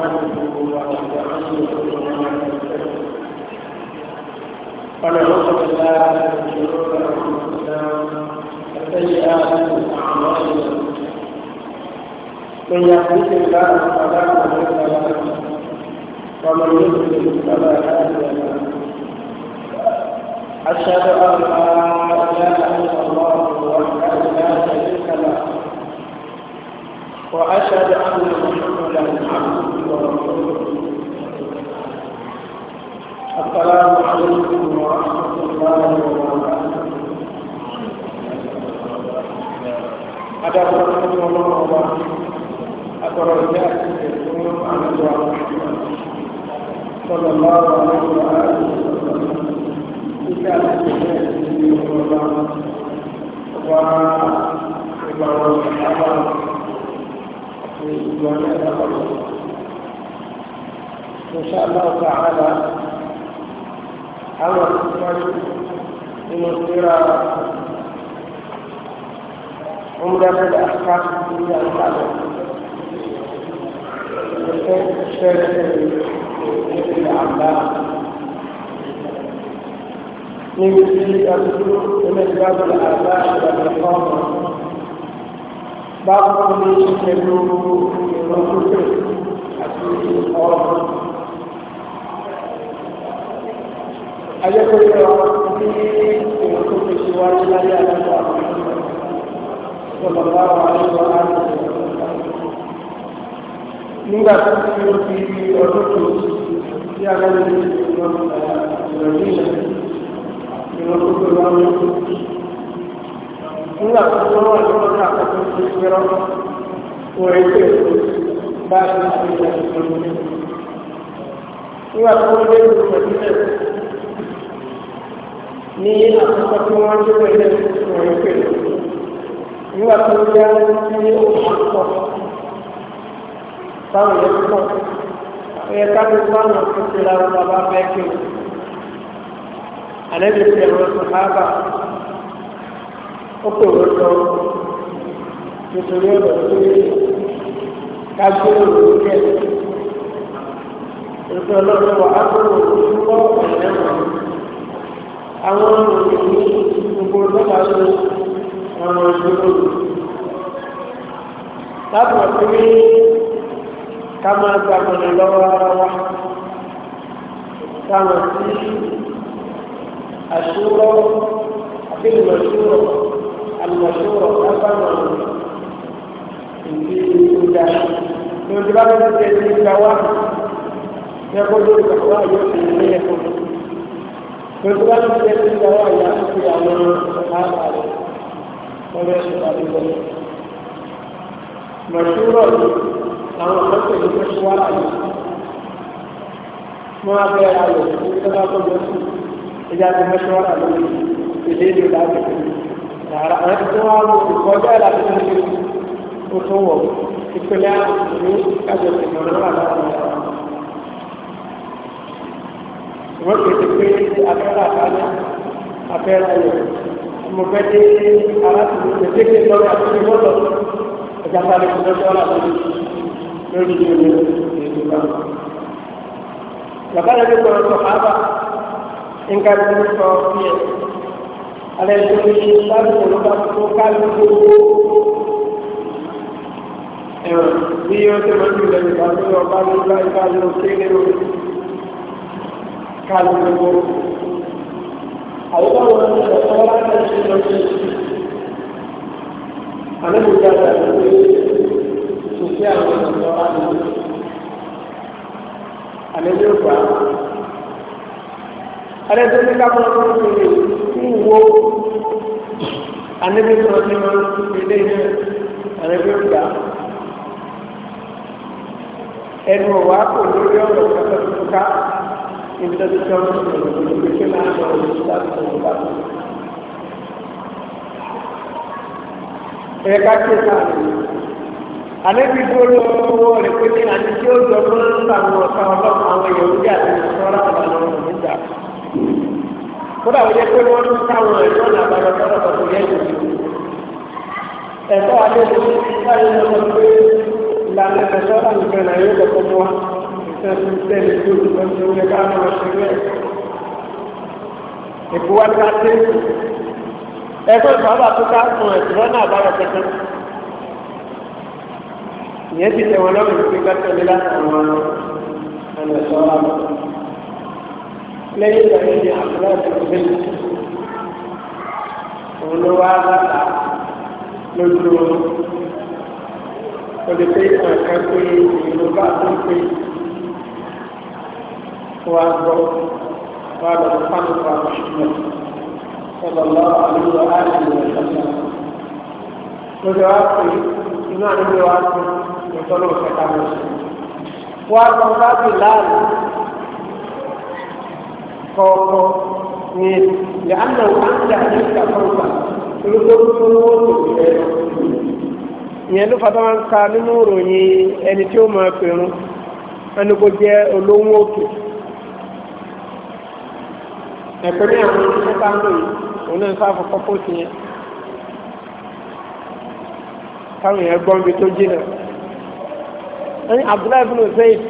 ونعوذ بالله من شرور انفسنا وسيئات اعمالنا من يهده الله فلا مضل له ومن يضلل فلا هادي له اشهد ان لا اله الا الله وحده لا شريك وأشهد أن محمدا عبده ورسوله السلام عليكم ورحمة الله وبركاته ada orang yang Allah atau raja yang ada orang sallallahu alaihi wa sallam jika ada yang Allah wa ibadah Allah جميع إن شاء الله تعالى أول من يصير عمدة الأحكام الدنيا القادمة والشيخ الشيخ ابن عباس من من باب ọ̀rọ̀ sókè àti ọ̀rọ̀. Ayẹ́kọ̀ọ́ ní èrò tó fi ṣe wájú láyé àjọ àwọn ọ̀pọ̀lọpọ̀ àwọn àjọ àjọ nígbà tó fi ó fi ọdún tó sí agbára ní ìrọ̀lẹ́ ìrọ̀lẹ́ ìrọ̀lẹ́ tó lọ́wọ́ nígbà tó lọ́wọ́ ìrọ̀lẹ́ àkọ́kọ́ tó fi rọ́rọ́ orílẹ̀-èdè bá ti ṣe ìjọba nígbà tó ń gbé ìlú ìpínlẹ̀ ní àkókò tí wọ́n ń gbé ilé orílẹ̀-èdè nígbà tó ń gbé ní òṣùpọ̀ báwo lè pọ̀ ẹ̀yẹ káàdì fáwọn tó ti ra ọba bá fẹ́ kí o àlẹ́ kágbóró ló jẹ ìpè ọlọ́run wà ágbóró ló kọ́ ọ̀rẹ́ wọn àwọn òṣèlú gbogbo lọ́ba ló ọ̀rọ̀ ìṣòro láti wọ́n ti rí ká máa gba ọ̀nà lọ́wọ́ ara wa táwọn sí àṣúrọ̀ àbí ìmọ̀ṣúrọ̀ àlùmọ̀ṣúrọ̀ lábàmọ̀ ọ̀rọ̀ ìdí ìdá ní ojú bá lọ́dún tẹ̀ sí ìgbà wá ní ẹkọ́ tó ìgbà wá yóò fi ní ẹkọ́ ní ojú bá lọ́dún tẹ̀ sí ìgbà wá yà á fi àwọn ọ̀hánà rẹ̀ lọ́dún ẹ̀sùn tàbí lọ́dún. mọ̀ṣúrọ̀ àwọn ọ̀pọ̀lọpọ̀ ìlú tó ṣe wá láyé wọ́n á bẹ ayọ̀ ní sọ́dá tó lọ sí ìjà tó mẹ́ṣọ́rà lórí ìdílé ìlú láti rárá ẹ̀ tó wá lọ sí kọjá ìlànà tó ń ó tó wọ̀ ìpínlẹ̀ ìlú kájọ ìgbìmọ̀ náà láti ọ̀rọ̀. Ìwọ́n kì í ti pé abẹ́rẹ́ àbájá abẹ́rẹ́ ayọ̀. Mo fẹ́ dé arákùnrin kékeré lọ́dọ̀ àti ìwọ́dọ̀ ẹja sáré fún lọ́dọ̀ ọ̀làdúró lórí ìlú ìlú náà. Bàbá yẹn ló sọ àbá nǹkan tó sọ fún yẹn. Alẹ́ ìjọba ìṣe láti ìlú bá tó ká lóko bí ó tẹ́ mọ́ sí ilẹ̀ ìgbàgbé ọba nígbà ìgbàgbé òkèèrè orí káàlù gbogbo àwọ́gbà wọn ní ọ̀pọ̀ láti ṣe lọ sí àlébùjá ẹnu wa kò lórí ọ̀rọ̀ kẹta tuntun ká ìtẹ́síṣẹ́ ọ̀rọ̀ olùgbèsè náà lọ òṣìṣẹ́ àti òṣìṣẹ́ àti ẹ̀ka tí ó náà àlébi gbóló owó rẹ̀ pé ní àti tí ó jọ fún àwọn ọ̀sán ọlọ́run àwọn èèyàn orí àti ìṣọ́ra ọ̀làlọ́ ọ̀rọ̀ nígbà kódà wọ́n yẹ pé wọ́n ń táwọn ẹ̀rọ làbàlọ́ tọ́lọ̀ tọ́lọ̀ yẹ́ ìlú ẹ̀kọ́ àlejò ní ìgbà yẹn lọ́wọ́ pé ìlànà ìfẹsọ́nà nìkan náà yóò kọ́kọ́ mú wa ìfẹ́ fún tẹ́lẹ̀ tó lùkọ́ tó yẹ ká máa ṣe rẹ̀. Èkó wá ká dé. Ẹgbẹ́ ìfọwọ́bà tó ká sùn ẹ̀sùn náà bá rẹ̀ kẹ́kẹ́. Ìyẹn ti tẹ̀wọ̀n lọ́wọ́ ìlú pípa tẹ̀lé láti àwọn ọ̀nà ìṣọ́ra. Lẹ́yìn ìgbà yìí ni àbúrò ìfẹ́ òun ló wá látà lójú oorun o lè pé ìtàn kan pé ìlú bá tó ń pè wá gbọ́ wá lọ sí fáwọn ìfà òṣìṣẹ́ sọlọ́lá àlùyọ àìsàn ìṣẹ̀lẹ̀ lórí wá pé inú àdúgbò wá pé ìtọ́nà òṣèkà lọ sí wá lọ láti láàrú kọ̀ọ̀kọ̀ ní ìyá àná òkú àti àdéhùn ìṣàkóso olùkọ́ tó ń wọ́n tó ń bẹ̀rẹ̀ ìyẹn ló fata nínú ìròyìn ẹni tí ó máa pèrún ẹni kó jẹ́ olówó òkè ẹ̀kọ́ ní àwọn ìṣẹ́ tá ń lò yìí òun náà sáfọ̀ kọ́kọ́ sí yẹn ẹni Abdullahi Zayd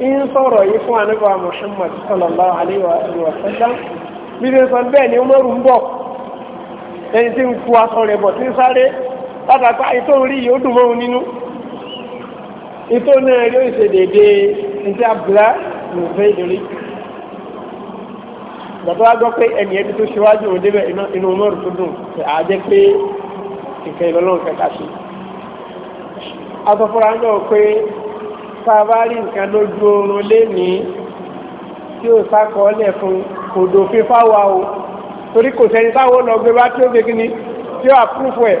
ń soro yìí fún anábà Muhammad sallallahu alayhi wa sallam bí ni Umaru látàpá ètò orí yìí ó dùn mọ́hun nínú ètò náà yóò ṣe dédé ní abúlá lòfẹ́ ìdórí bàbá wa gbọ́ pé ẹnì ẹbí tó ṣíwájú òun débẹ̀ inú mọ́rù tó dùn àjẹ́ pé ìfẹ́ ìlọ́lọ́run kẹta ṣe asọ́fúnra náà pé tá a bá rí nǹkan lójú oorun lénìí tí ó sákọọ́lẹ̀ fún kò dòfin fáwa o torí kò sẹ́ni táwọn lọ gbé bá tí ó fi kíni tí ó àpúrúfù ẹ̀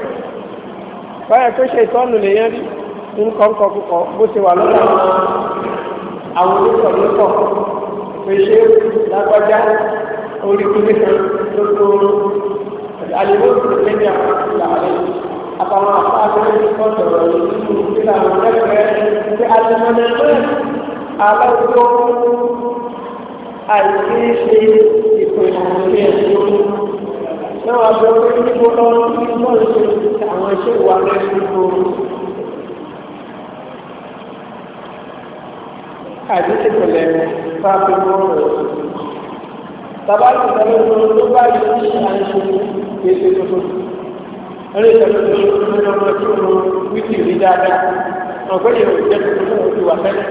báyẹ̀ tó ṣe ìtọ́nù lèyẹn rí nǹkan kọ kúkọ bó ṣe wà lọ́la àwọn oníkọ̀ lọ́kọ̀ pé ṣé lágbájá orí kúlé kan ló tó àlejò ìpínlẹ̀ àlẹ́ àtàwọn afáàgbẹ́ nǹkan sọ̀rọ̀ nínú ìpínlẹ̀ àwọn ẹgbẹ́ pé aláwùjọ àìsí ṣe ìpinnu ní ẹ̀sìn náà wà bẹ orí níbo lọ níbo ṣe àwọn iṣẹ́ ìwà rẹ̀ níbo. àdéhùn ìpìlẹ̀ bá fi mọ́ ọ̀rọ̀ bàbá ti sọ lọ́wọ́ tó bá yẹ kí àìsàn ètò tuntun eré ìtọ́jú tó ṣe fún mi ọmọ tí mo wíkì rí dáadáa ọ̀gbẹ́ni ò jẹ́ tuntun náà ó wà fẹ́lẹ́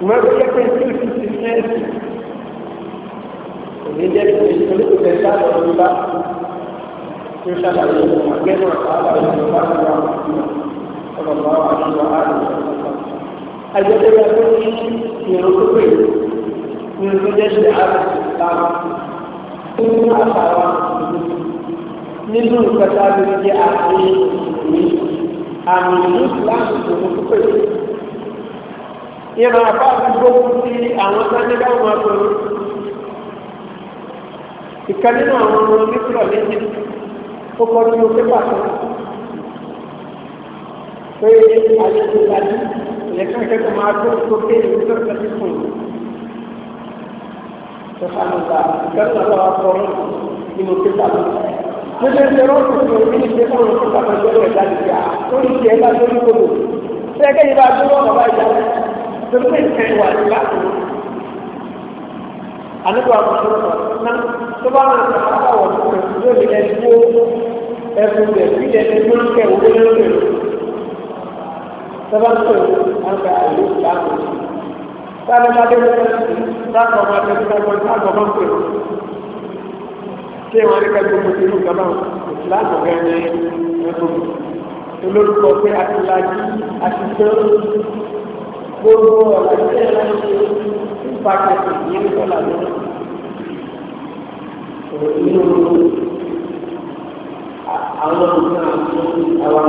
ìmọ̀ ẹgbẹ́ pé tí o ti ti fẹ́ẹ́ sí òní jẹ́ olókùnfẹ́ sáàlọ̀ tó bá tó ṣàlàyé àgẹ́rù àbáwọ̀ ìjọba tó wà ọ̀rọ̀ bá wà ní wà á lò àjọṣe rẹ̀ tó ní ìrò tó pè ní ìrò jẹ́ ṣe àrùn ìlànà tó ní àṣàwà nínú ìkọta ló jẹ́ àmì ìròyìn àmì ìròyìn láti ìrò tó pè ìrò àbáwọ̀ gbogbo ti àwọn sáńdẹ́gbà wọn kò ìkan nínú àwọn ọmọ onísìlọ̀ méjì ó kọ́ nínú pépà kan pé àlejò ìdájú ìyẹ́ká kẹ́kọ̀ọ́ máa tó sókè ìlú tó tẹ̀sí fún un. Sọ̀tàlùbà ìkan náà lọ́wọ́ kọ́ nínú pépà kan. Gbogbo ẹgbẹ́ rọ́ọ̀tù tó ní ní pépà kan tó bàbá ìjọba ẹ̀dá nìyà ó ní tiẹ̀ bá lórí gbogbo. Ṣé ẹgbẹ́ yìí bá dúró bàbá ìjà tó pé ìkẹyìn wà tó bá máa tà á wọ̀ tó kàn sí lórí ẹ̀dúró ẹ̀fún rẹ̀ bí ẹni máa ń kẹ̀ owó lórí tó bá ń pè ó àgbà àyè ìdáàbò sáré máa dé lọ́wọ́ sí sáàkọ̀ máa dé lọ́wọ́ sí sáàkọ̀ máa ń pè ó kí wọn ní kẹ́kọ̀ọ́ tó ti lù ẹ̀kọ́ olórúkọ inú àwọn nǹkan àti àwọn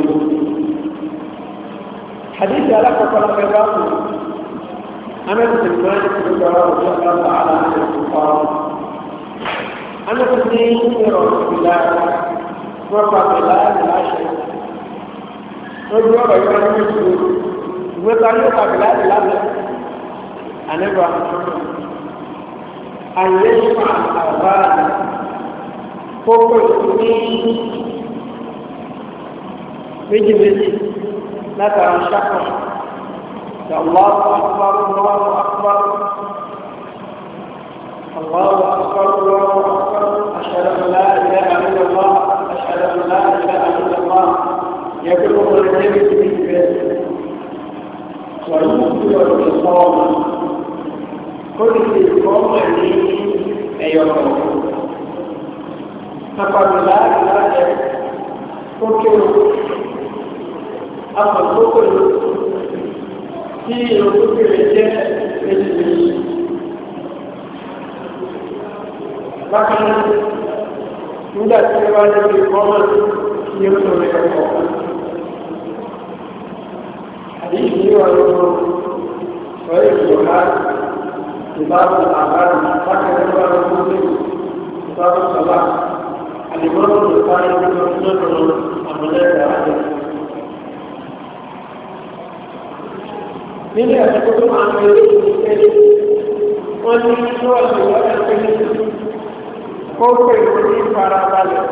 ìlú. حديث على كفر الخيرات أنا بن مالك بن رضي الله على عنه قال أنا كنت رسول الله رفع بلاد العشر رجل رجل رجل وقال يقع بلاد العشر أنا بن أن يسمع الأذان فوق في مجلس مثلا شخص الله أكبر الله أكبر الله أكبر الله أكبر أشهد أن لا إله إلا الله أشهد أن لا إله إلا الله يقول النبي في البيت ويقول الصوم kó lè ṣe ìfọ́nmọ̀ ní ẹ̀yọ̀ kan. Apàdùlá ìlànà ó kéwò akọ̀tọ́kọ̀lù tí ìrọ̀lókè rẹ̀ jẹ́ méjì méjì. Bákan náà, nígbà tí ó bá ní ìfọ́nmọ̀ ní oṣù rẹ̀ kọ̀ọ̀kan. Àdéhùn yìí wà lọ́wọ́ ọ̀rẹ́ ìjọba كتاب الاعمال فكر الله المسلم كتاب الصلاه الامام البخاري بن مسلم بن عبد الله بن من يحدثكم عن بيت المسلم ومن يشرع في وقت المسلم كوكب المسلم على طالب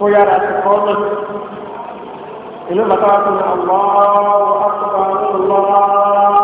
ويا رأس القوم إنما تعلم الله أكبر الله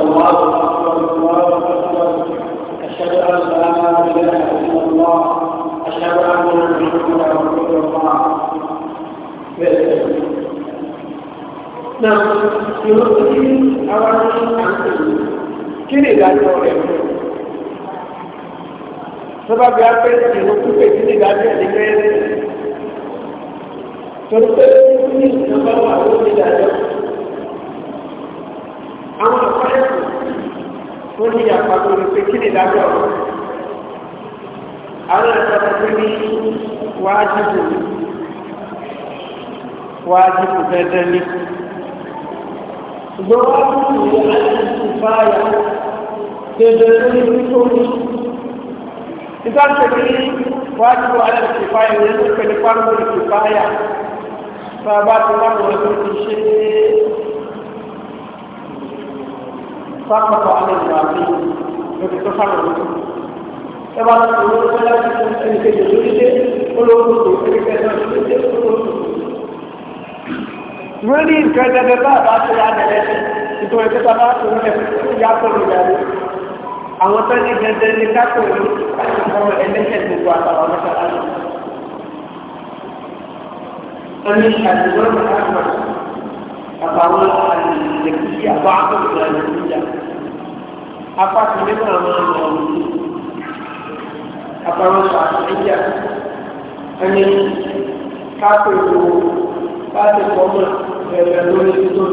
الله أكبر الله أكبر أشهد أن لا إله إلا الله أشهد أن محمدا رسول الله Nah, ìrọ̀lẹ́ àwọn àti kí ni ìdájọ́ rẹ̀ fún? Sọ́ba bí a pẹ́ ìrọ̀kúpè kí ni ìdájọ́ rẹ̀ fẹ́? Sọ́ba bí a pẹ́ ìrọ̀kúpè kí ni ìdájọ́ rẹ̀ fẹ́? àwọn ọ̀pọ̀lẹ́sì tó ní àpapọ̀ ní pé kí ni ìdájọ́ ọ̀rọ̀ àwọn ìjọba tó ní wájibù wájibù dandan ní ṣùgbọ́n wájibù ní aláìsí fáyà dandan tó ní tó ní nígbà tó ní wájibù aláìsí fáyà ní ẹgbẹ́ pẹ̀lú pàrọ̀ ìfìfáyà tó a bá ti wá wọn tó ti ṣe é sápapọ̀ alẹ́ ìgbà mi lókè tó sábà lókè. ẹ bá tó lọ sí láti fún ẹni kejì lórí dé olóòtú tó ẹni kejì lórí dé olóòtú. wọ́n ní nǹkan ẹgbẹ́ bá bá ṣe àdẹ̀lẹ́sẹ̀ ìtọ́ ẹgbẹ́ bá bá tó ń lẹ̀ yàtọ̀ ìyá bá àkókò ẹni níjà apá kan nínú àwọn ọmọ ọmọ àbáwọsọ àtúnyà ẹni káàpọ̀ ìlú láti pọ̀mọ̀ ẹ̀rẹ̀ lórí títò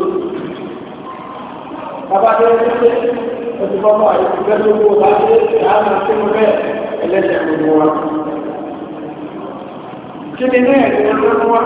bàbá tó ń pèsè ẹ̀sùn pọ̀mọ̀ àìsíkẹ́ tó wó bá dé àmà tó ń bẹ́ ẹlẹ́sẹ̀ gbogbo wa kí ni ní ẹ̀sìn ẹ̀sìn wọn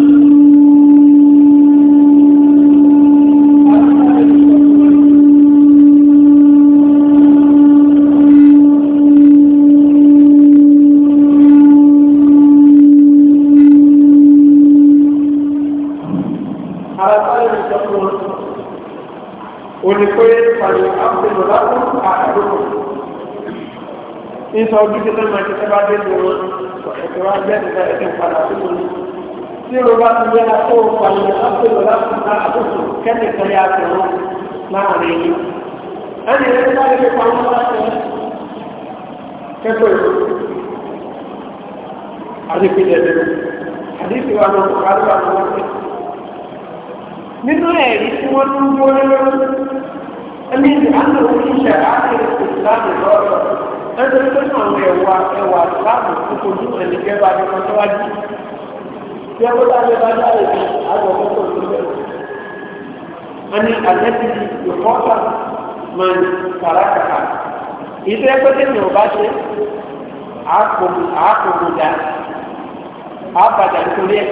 sọ ọdún tí sọ́nà ti sábà dé lò wọn ẹ̀tọ́ wa bẹ́ẹ̀ nípa ẹ̀tọ́ padà tó wọn. tí o bá ti yára tó o pa ní àpérò láti ká àkókò kẹ́ni kan yá tó wọn láàrin yìí. ẹni ẹni bá lè pa wọn láti kẹ́kọ̀ọ́ ìlú. àdìpé dẹ̀dẹ̀ àdìpé wa lọ kọ́ àdìpé wa lọ sí. nínú ẹ̀rí tí wọ́n tún gbóná lọ́wọ́ ẹni ìdí àná ẹgbẹ́ tó ní àwọn ẹ̀wà ẹ̀wà láàmú tó kojú ẹ̀lẹ́ kẹfà ní mọ́tíwájú tí ẹgbẹ́ tó lé bájá rẹ̀ ní àgbọ̀ mọ́tò tó bẹ̀rẹ̀. wọ́n ní àlẹ́tì ìkọ́ta máa ń kàràkàrà ìdí ẹgbẹ́ tó ní ọba ṣe àákòmù dá àbàdà nítorí ẹ̀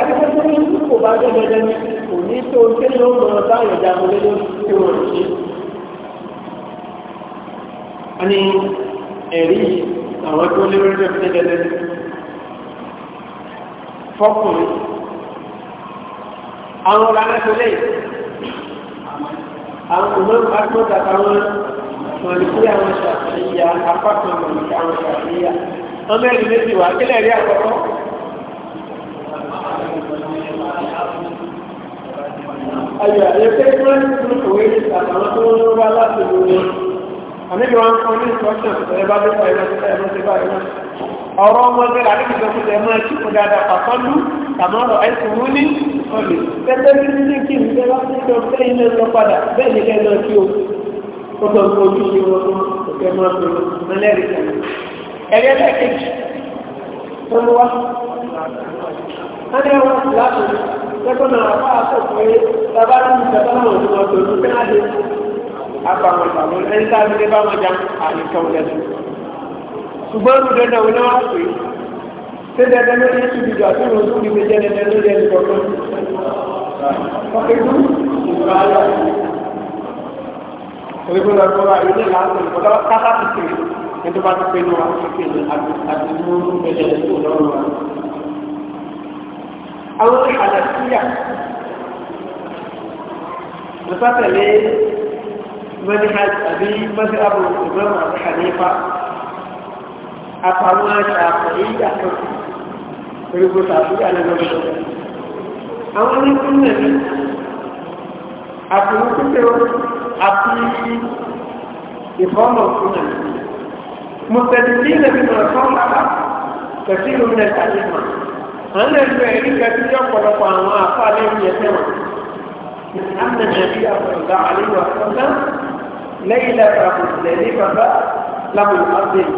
àdìgbẹ́ tó ní kò bá dé dandan ní kò ní tó tẹ́lẹ̀ ó mọ̀ ọ́ táwọn ìjà mọ́lẹ́lẹ́ ẹ̀rí àwọn tó lérò rẹ̀ fi dẹ́dẹ́ fọ́kùnrin àwọn ọ̀rọ̀ anẹ́tọ́lẹ̀ àwọn òmìnir agbóta àwọn mọ̀lìkí àwọn ṣàfihà apákan mọ̀lìkí àwọn ṣàfihà wọ́n mẹ́rin méjì wà kílẹ̀ rí àkọ́kọ́ ayọ̀ àyẹ̀kẹ́ ìpínlẹ̀ ìpínlẹ̀ òwe àtàwọn tó ń wá láti lóore àníbi wọn kọ́ ní instruction ẹ bá dé báyìí lọ́sí ẹ lọ́sí báyìí lọ́sí ọ̀rọ̀ ọmọdé rà níbi ìjọba ìjọba máa tí kò dáadáa pàtọ́lú àmọ́ ọ̀rọ̀ àìsàn wọn ní ọ̀lẹ̀ tẹ́tẹ́ ní ní kí ní bẹ́ẹ̀ láti ṣe ọ̀fẹ́ ilé lọ padà bẹ́ẹ̀ ní kẹ́ẹ̀ lọ sí o ó sọ fún ojú ṣe wọn tó ọ̀kẹ́ máa tó mẹlẹ́rì kan ẹ̀rẹ́ lẹ́ẹ̀kejì tó ń wá ẹ̀rẹ́ wọn láti lẹ́kọ̀ọ́ náà wá àbàwọn ìbàwọn ẹni tá a ti lé bá wọn jà àyíká wọn lẹ́nu. ṣùgbọ́n ìlú dandan wọn náà wá pé ṣé dandan ló ní ṣubú ìjọ àti ìrònú ní méjì dandan ló lẹ́nu kọ̀ọ̀kan. ọkọ̀ ìlú ìgbà ayọ̀ orígun lọ gbọ́ àyè ní ìlànà ìfọdọ́ kápá ti pè manhaj àbí mọ́sílábù ìmọ̀mù àti hanifa àpamọ́ àṣàfẹ́ ìyàtọ̀ gbogbo tàbíyà lẹ́nu ọ̀ṣọ́ àwọn onípínlẹ̀ ní àpòlùkúté àti ìfọ́mọ̀ fúnà mùsùlùmí lẹ́nu ọ̀ṣọ́ kẹsí ìlú ní ẹ̀ka yìí mọ̀ àwọn ẹ̀rọ ẹ̀rí kẹsí ní ọ̀pọ̀lọpọ̀ àwọn àfáà lẹ́yìn ẹ̀fẹ́ wọn àmì nàìjíríà pẹ̀lú àlejò ليلة مزدلفة لم يقدم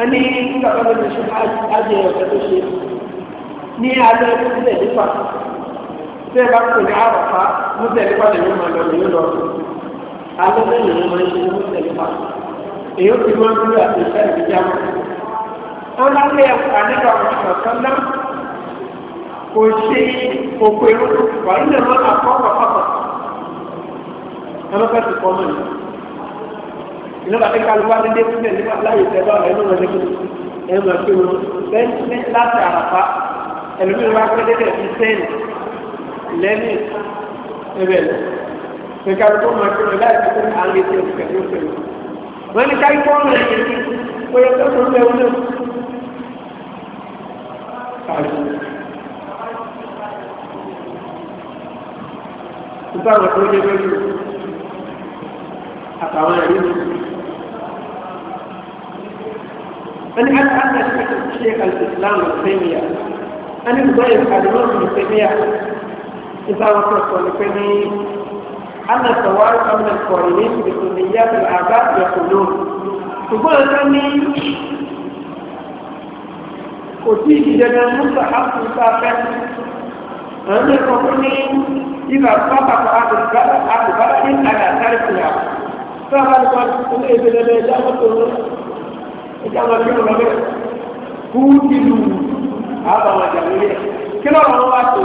أني قبل الشفاعة أجي وتدشي ني على مزدلفة سبب كل عرفة مزدلفة لهم أن يقولوا على ذلك ما يشوف مزدلفة èyí ti máa ń gbé àtẹ̀sẹ̀ ìdíjáwó wọn lálẹ́ àníbà ọ̀sán náà kò ṣe òpèrú wà nílẹ̀ mọ́ àkọ́kọ́ pàpàpà ẹlọ́fẹ́ ti kọ́ mọ́ ní inú bàtí kálukú adé fúnbẹ̀ nípa láyé tẹ́ bá ẹnu rẹ̀ lẹ́kọ̀ọ́ ẹ̀ máa pé wọn bẹ́ẹ̀ láti àràpá ẹlòmíràn wá pé dẹ́kẹ̀ fi sẹ́yìn lẹ́nu ẹ̀rẹ̀ lọ pé kálukú máa pé wọn láyé tẹ́ à ń lè tẹ́ òkè tó wọn ní káyí kọ́ ọ̀rọ̀ yẹn kí ó yẹ kó tó ń bẹ wọn náà. Ìgbà wo tó dé أنا أنا mi. أنا على الإسلام ابن تيمية أنا يبين كلمات ابن تيمية إذا وصلت لكني أن الطوارئ من القائلين بكليات الآباء يقولون تقول أني أتيت ìjẹ̀dẹ̀ mọ́sà áfíríkà أنا أنا ẹ̀kọ́ fún ní ìgbà أبو بكر أنا àgbègbè àgbègbè sáà nípa ilé ìdílé ẹja mọ́tò lọ ẹja máa fi hàn lọ́bẹ̀ kú ìlú àbàwọn àjà lórí ẹ̀ kí lọ́rọ̀ wọn wá tó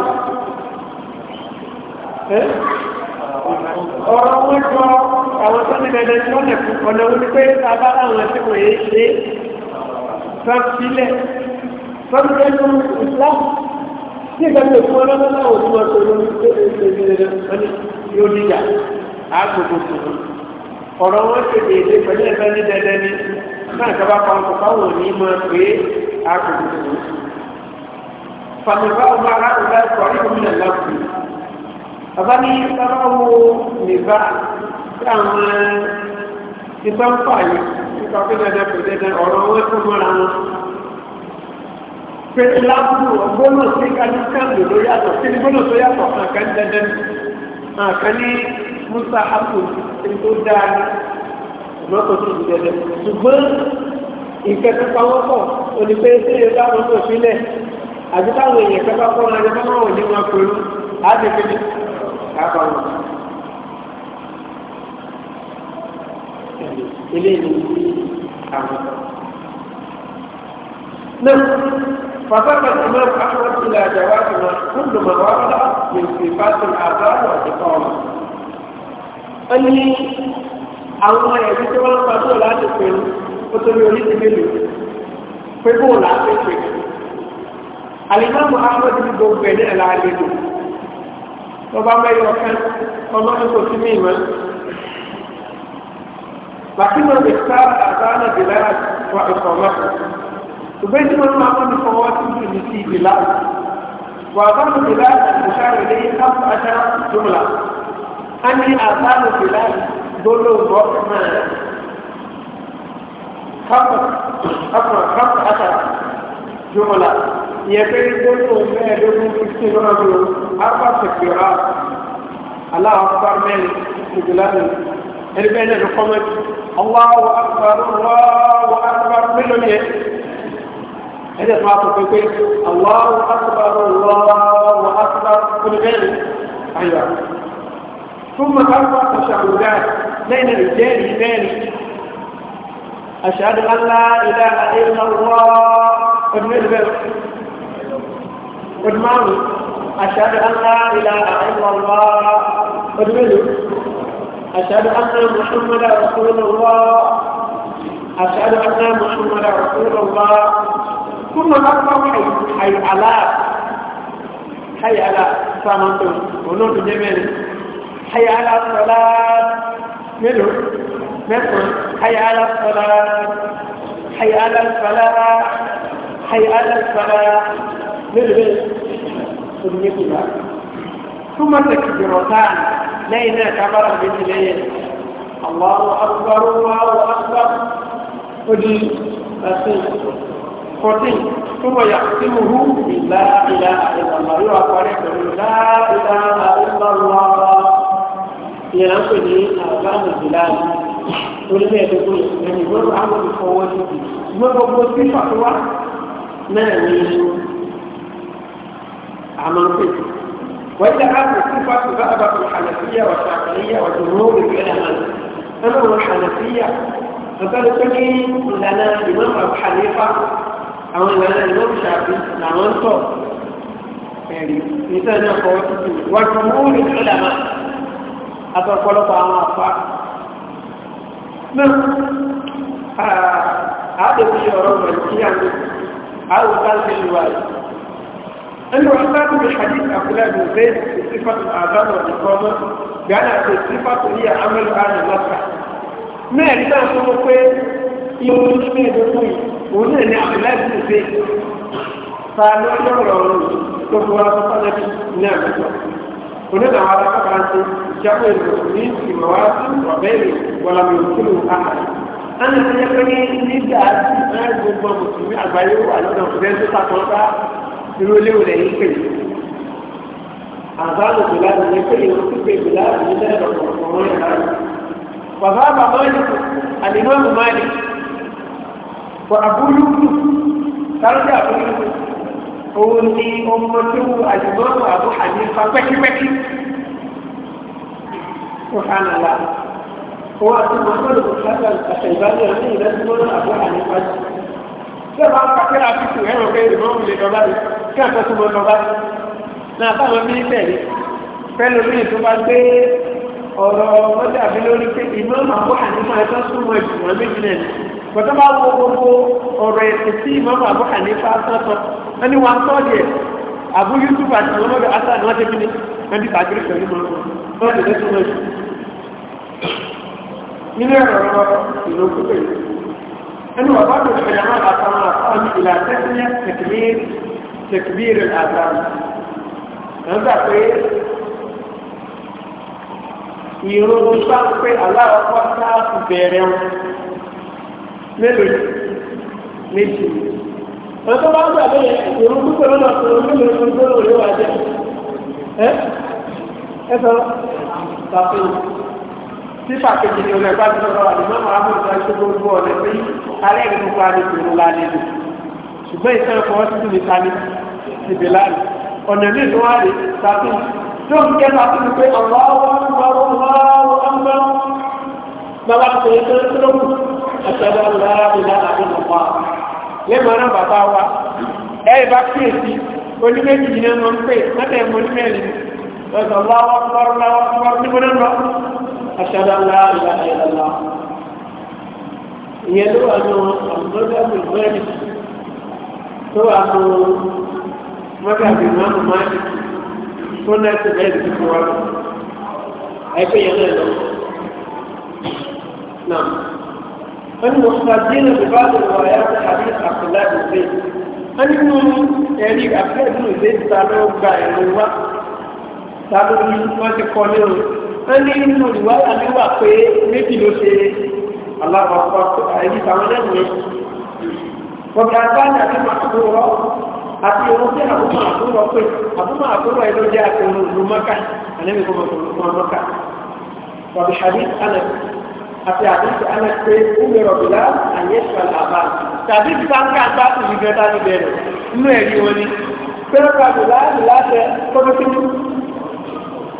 ọ̀rọ̀ wọn jọ àwọn tó ní dandan tí wọ́n nẹ̀kú ọ̀nà wọn pé sábà àwọn tí wọ́n yé ṣe sáfílẹ̀ sáfílẹ̀ ló ń islam ní ìgbàgbé fún ọlọ́mọ náà òun wọn tó lórí pé èdè ìdílé rẹ̀ wọ́n ní yóò níjà àgbègbè tó lórí ọ̀rọ̀ wọn ṣe déédé pẹ̀lú ẹ̀fẹ́ ní dẹ́dẹ́ ní náà ìjọba kan kò fáwọn òní mọ̀ pé a kò tó tó. fàmìfà ọba aláàbùdá ẹ̀kọ́ ní gómìnà lọ́kùn. bàbá ní sábà wo nìbá tí àwọn ìgbà ń fà yìí nípa pé dẹ́dẹ́ kò dẹ́dẹ́ ọ̀rọ̀ wọn tó mọ́ra wọn. pé lábùrù ọgbọ́nà sí kájú káńdò lórí àtọ̀ sí ní gbọ́nà tó yàtọ̀ àkàní àkàní musa hapun ẹni tó dáa ní ṣùgbọ́n kò sí ìdẹ̀dẹ̀ ṣùgbọ́n ìkẹ́kẹ́kọ́ wọ́pọ̀ onípe sí ilé táwọn tó sílẹ̀ àti táwọn èèyàn kẹ́kọ́ kọ́ wọn ẹni fọ́nà òní wọn pẹ̀lú àdékèké kápá wọn. ilé ìlú àwọn. náà فذهب الإمام أحمد إلى جواز ما كل ما ورد من صفات الآثار والإقامة wọ́n ní àwọn ẹ̀rí tí wọ́n pa tó láti pẹ̀lú ó tó ní orí ti mélòó pé bó láti pẹ̀lú alimami ahmed ní gbogbo ẹ̀ náà láàlẹ́ lò wọ́n bá mẹ́rin ọ̀kan ọmọ ẹ̀kọ́ sí mí mọ́ bàtìmọ̀ lè sá àbáná bìlá wa wà bá أني أعطان بلاد دولو بوطمان خطر خطر خطر خطر جملة يكي دولو مي دولو كتير أربع تكبيرات الله أكبر من بلاد البين الحكومة الله أكبر الله أكبر من لي هذا ما الله أكبر الله أكبر كل غير أيوه ثم أربع تشهدات بين الرجال ذلك أشهد أن لا إله إلا الله ابن البر ابن أشهد أن لا إله إلا الله ابن البر أشهد أن محمدا رسول الله أشهد أن محمدا رسول الله ثم أربع حي حي على حي على سامنتو ونوت جميل حي على الصلاة منه نقول حي على الصلاة حي على الصلاة حي على الصلاة منهم سنتنا ثم تكبيرتان لينا كبر بالليل الله أكبر الله أكبر ودي أسير فتي ثم يختمه بلا إله إلا الله يعقل لا إله إلا الله ìyẹn ń pè ní àgbáàmù ìbíláàmù orílẹ̀-èdè ẹni gbọ́dọ̀ àwọn ìfọwọ́ níbi ìwọ́n gbogbo tí fàtúwà náà ní àmọ́pẹ́ wọ́n àpò tí fàtúwà àbàkù hànàfíyà wà sàkàníyà wà jùmọ́ ìgbẹ́lẹ̀ hàn ẹnu wọn hànàfíyà ọ̀gbẹ́ni pé ní ìlànà ìmọ̀ àbù hànífà àwọn ìlànà ìmọ̀ ìṣàbí làwọn ń tọ̀ ẹ̀rí nítorí náà fọwọ́ tuntun wà jùmọ́ ìgbẹ́lẹ̀ hàn àtọ̀pọ̀lọpọ̀ àwọn àfá náà àádọ́bí ọ̀rọ̀ nàìjíríà ní àwọn sáàbí ìwà yìí ẹni wọ́n sáàbí bí hadith àkúlẹ̀bù zai ti sífàtù àzánà ìkọ́mọ́ gánà àti sífàtù ní àmẹ́lú àrùn lọ́ta mẹ́rin náà tó mọ́ pé yóò ní mẹ́ẹ̀dógún yìí òun náà جمع المسلمين في مواسم وغيره ولم يمكنه أحد أنا سيكون نجد أن يكون مسلمين أبايو وأنا أخذين تتطلع يقولوا لي كي أعضاء البلاد يقول يوسف في البلاد يدعي وغاب مالك الإمام مالك وأبو يوسف ترجع أبو يوسف òun ni ọmọ tó àjùmọ́ àbú àdìfà pẹ́kípẹ́kí subhanallah owó àti muhammadu muhammadu àtẹ̀yìnbáyé àti ìdásímọ́nà àbúrò àníkà ṣé bá ń pàṣẹ àtúntò ẹ̀rọ pé ìmọ̀ọ́mù lè lọ́ba rẹ̀ kí àtọ́sí mọ́ lọ́ba rẹ̀ náà báwọn mínísẹ̀ rí pẹ́lú mi tó bá gbé ọ̀rọ̀ mọ́tàbí lórí pé ìmọ̀ọ́mù àbúrò àníkà ẹ̀tọ́ súnmọ́ ìgbìmọ̀ méjì náà bọ́tọ́ bá wo gbogbo ọ̀rọ̀ ẹ̀sìn tí ìmọ̀ọ́mù àbúrò àníkà sọ́tọ̀ ẹni wọn tọ́ láti lẹ́tọ́ mẹ́jọ nínú ẹ̀rọ ìlú pípẹ́ ẹnu bàbá tó ṣẹlẹ̀ máa bàtà máa fáwọn ìlà tẹ́kíníà tẹ̀kìbíìrì àdáàmù ẹ̀rọ gbà pé ìrún bá ń pé aláwọ̀pọ̀ sáàpù bẹ̀rẹ̀ wọn mélòó méjì ẹ̀rọ tó bá ń gbà lóye ìrún púpọ̀ lọ́nà tó mélòó tó gbọ́dọ̀ lé wa jẹ́ ẹsọ bàtú sífà kejì ní ọlọ́ọ̀gbá tó lọ́wọ́ àdìmọ́ màámù ìgbà tó gbogbo ọ̀nà pé alẹ́ ìlú kó adé tòun la lè lò ṣùgbọ́n ìtàn fọwọ́ sí mi sani ìbí láàrin ọ̀nà mi ló wà lè bàtú tó ń kẹ́ bàtú pé ọ̀rọ̀ àwọn ọmọ ọmọ ọmọ bàbá tó yẹ kó tó kù àtàlà ọ̀làrà ìlà àdìmọ̀ lẹ́mọ̀ náà bàbá لك الله أكبر الله أكبر تقول الله أشهد أن لا إله إلا الله يدعو أنه المذهب الغير هو أنه مذهب الإمام مالك سنة غير الكفار أي يغير نعم المستدين ببعض الروايات حديث عبد الله بن زيد أن ابن يعني أكثر بن زيد قالوا قائلوا tàbí wọ́n ti kọ́ lé o wọ́n ní nínú ìwádà mi wà pé méjì ló ṣe alábàápọ̀ àìní tàwọn lẹ́nu ẹ̀ ọ̀gá báyìí àti màkúrọ̀ àti ohun tí àbúmọ̀ àkúrọ̀ pé àbúmọ̀ àkúrọ̀ ẹ̀ ló jẹ́ àkúrọ̀ ìlú mọ́kà àlẹ́mi kọ́ mọ́kà mọ́kà wàbí hadith anas àti àdéhùn anas pé ọmọ umm ìrọ̀bìlá tàbí ti sáńkà bá ìlú bẹ́ẹ̀ bẹ̀rẹ̀ nínú ẹ̀rí wọn ni pẹ́rọ́pàá bìlá bìlá tẹ kọ́mẹ́tì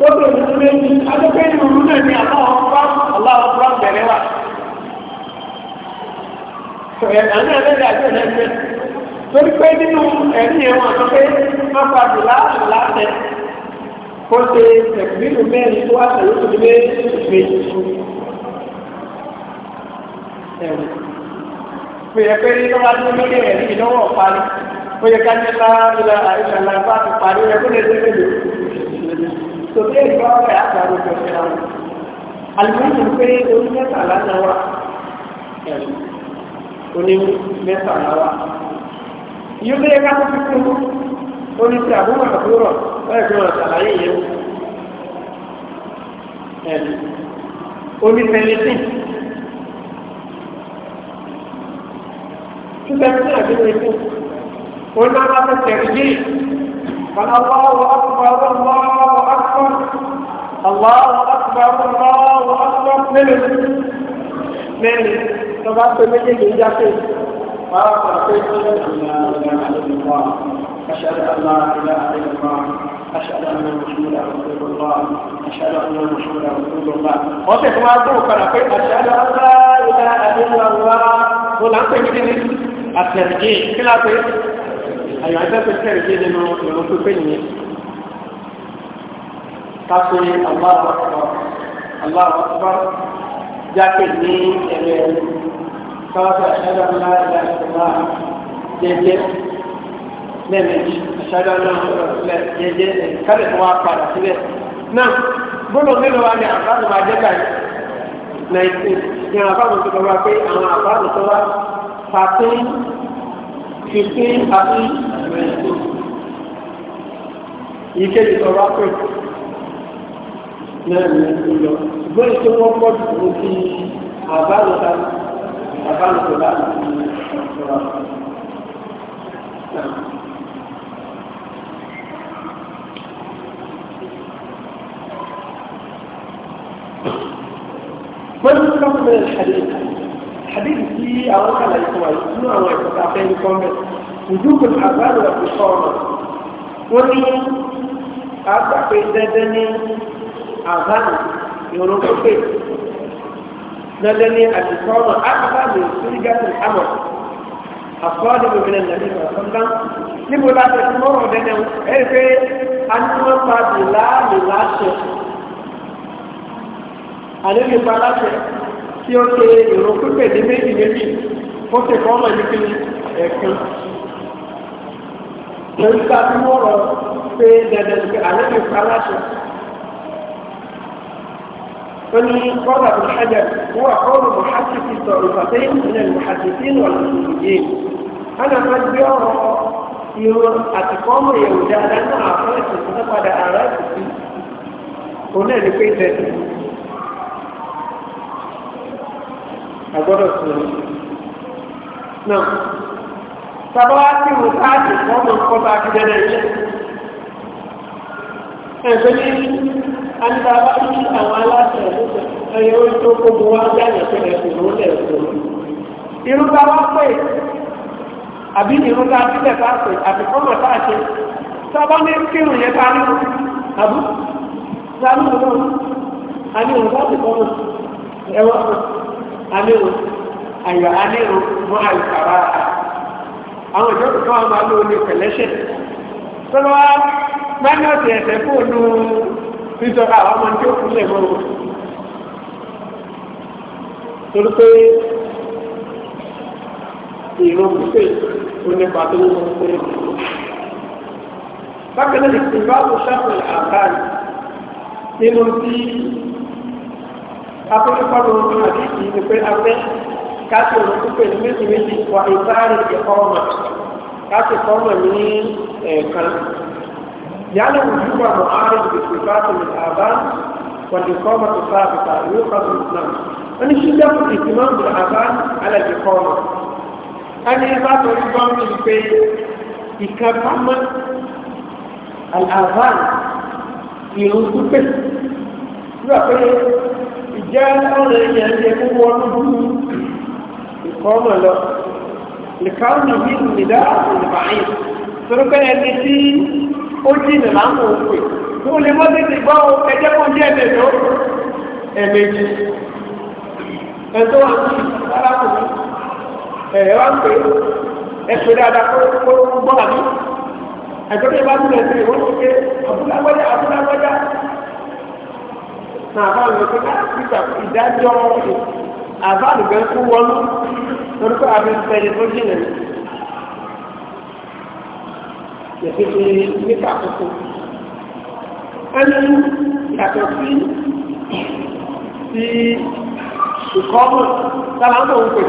lókè ìlú méjì adókè ìlú náà ní àbáwọn bá aláwọ̀ bá bẹ̀rẹ̀ wà. Àná ẹlẹ́dẹ̀ àti ẹ̀lẹ́dẹ̀ torí pé nínú ẹ̀rí yẹn wọn àti pé má padì láàrín láàtẹ̀ kó ṣe ẹ̀kúrínù mẹ́rin tó wà pẹ̀lú tó lé méjì. Ẹ̀rù pé ẹ pé nínú wá ní lórí ẹ̀rí ìdánwò parí ó yẹ ká ní láàrín àìsàn lágbá ti parí ẹ̀kú lè dé lè lò tòbí ẹ̀gbọ́ ọ̀rẹ́ àtàrò tó ṣe ra wọn alimọ́tò pé oní mẹ́tàlá náà wà ẹ̀rù oní mẹ́tàlá wà yóò lé ẹ̀ka tó fi kú oní ti àbúrò àbúrò ọ̀rẹ́ fi hàn sàlàyé yẹn ẹ̀rù oní fẹ́lẹ́sìn tó fẹ́lẹ́sìn àbí fẹ́lẹ́sìn oní máa bá fẹ́ فالله أكبر الله أكبر الله أكبر الله أكبر mélòó mẹ́rin tó bá pé méjèèjì ń jáde pàápàá pé ó lè dùnà ìlànà àdébùkọ́ aṣáájú àlá ìlà àdébùkọ́ aṣáájú àlá ìṣúná àdébùkọ́ aṣáájú àlá ìṣúná àdébùkọ́. wọ́n sì tún wá gbóhùn padà pé aṣáájú àlá ìlà àdébùkọ́ wọn là ń pè ní kíni àtẹ̀jì kí lápẹ́ àyà ìfẹ́fẹ́ kẹrì dé nínú ìrún pípé nìyẹn káfí Allahu Akbar Allahu Akbar jákè ní ẹ̀rẹ̀ káwáṣá ashhadu an la ilaha illallah jẹjẹ lẹ́ẹ̀mejì ashhadu an la ilaha illallah jẹjẹ kálẹ̀ tó wá padà síbẹ̀ náà gbọ́dọ̀ mélòó wa ni àbáàlù máa jẹ́ báyìí fifteen ìkéjì ọba pẹ̀ náà ní ìlọ ṣùgbọ́n èyí tó wọ́n pọ̀ jù ó fi àbálòta àbálòta láti fi ọ̀rọ̀ pẹ̀lú kọ́kọ́ bẹ̀rẹ̀ ṣàdéhùn ṣàdéhùn sí àwọn àlàyé kan wà nínú àwọn ẹ̀kọ́ fẹ́ ní kọ́mẹ̀tì وجوب الحبال والإصابة وفي أبقى في ددني أغاني يقولون في ددني الإصابة أكثر من سرقة الحمل الصادق من النبي صلى الله عليه وسلم níbo la ti fún ọ̀rọ̀ dẹ́dẹ́ o ẹ̀rí pé a ní wọ́n pa bì láàmì láṣẹ àlébi pa láṣẹ tí ó ṣe ìrò pípé ní méjì méjì ó ti fọ́ ọmọ ní kí ẹ̀kan lórí bá bí wọ́n rọ pé dandan ní pé àlẹ́ mi pa láṣẹ. wọ́n ní kọ́lá mùsàlẹ̀ wọ́n wà kọ́lù mùsàlẹ̀ sọ ìfàtẹ́ ìpínlẹ̀ mùsàlẹ̀ wà lóṣìṣẹ́ ana máa gbé ọ̀rọ̀ irun àti kọ́mù ìyẹ̀wò dáadáa náà àfẹ́ẹ̀sì tó padà àrà ìsìnkú òun náà ní pé ìtẹ̀sí agbọ́dọ̀ sí i náà tàbá si sí ìwò káàdì wọ́n tó kọ́ bá fi bá ní àwọn aláṣẹ ẹ̀yẹ orí tó kó wá jáde pé ẹ̀sìn irú bá àbí irú kọ́mọ̀ ṣe ní kírun ní àbú àní òun bá ti kọ́mọ̀ àní òun àyọ̀ máa máa ló ní pẹ̀lẹ́ṣẹ̀ tó lọ wá mẹ́rin ọ̀sẹ̀ ẹ̀sẹ̀ fóònù nítorí àwọn ọmọ tí ó kú lẹ̀ mọ́ torí pé ìró pípé ó nípa tó wọ́n pé bákan náà ìbáwò sáfù àbáyé nínú tí akọ́lẹ́kọ́lọ́ àti ìdí ni afẹ́ káṣí òun pípé ní méjì méjì wà ìbáraẹ̀ ẹ̀kọ́ ọmọ láti sọ́mọ̀ ní ẹ̀ẹ̀kan yálà òjúbà mọ̀ ààrùn ìgbèsè fásitì ní àbá wàdí kọ́mọ̀ tó sáàbùtà ní ọkọ̀ islam wọ́n ní ṣíjá fún ìtìmọ̀ ní àbá alẹ́bí kọ́mọ̀ ẹni bá torí gbọ́mí pé ìkàbámọ́ àbá ìrùn pípẹ́ nígbà pé ìjẹ́ ọ̀rẹ́ yẹn yẹ kó wọ́n lójú ìkọ́mọ̀ lọ nìkan ní bí nìdá ìbáyé torí pé ẹni tí ó jí nìlá ń kó pè tó lè mọ́ tètè gbọ́ ẹjẹ́ kó jẹ́ ẹ̀mẹ́jọ ẹ̀mẹ́jì ẹ̀tọ́ wà ní arákùnrin ẹ̀rẹ́ wá ń pè ẹ̀pẹ́ dáadáa kó gbọ́ àbí ẹ̀tọ́ tó bá tilẹ̀ ìdájọ́ ìdájọ́ àbáàlù bẹ́ẹ̀ kú wọnú orúkọ àbí pẹ̀lú tó jìnà yẹ̀fẹ̀fẹ̀ nípa àkókò ẹni yàtọ̀ sí ti ìkọ́mọ̀ sálámù òǹkè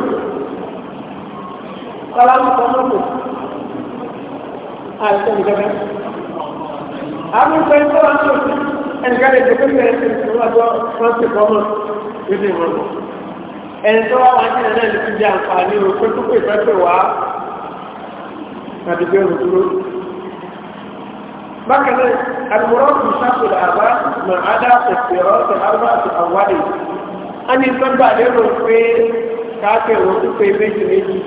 sálámù kọ́mọ̀kò àìsàn ìjọba àwọn ìpẹ́ sálámù ẹnìkan lè dẹ́kun bẹ̀rẹ̀ sí ìṣòro àjọ fọ́ńsì kọ́mọ̀ níbi ìrọ̀lọ́ ẹni tó wá wá ní ẹ̀rẹ́ ní fi jẹ́ àǹfààní o pé púpọ̀ ìfẹ́fẹ́ wá àdìgbé òdúró bákan náà àdìmọ́rọ́ kù sáfìlà àbá mà á dá ẹ̀sẹ̀ ọ̀sẹ̀ àbá àti àwádì a ní sọ́gbà lérò pé káàkiri òun tó pé méjì méjì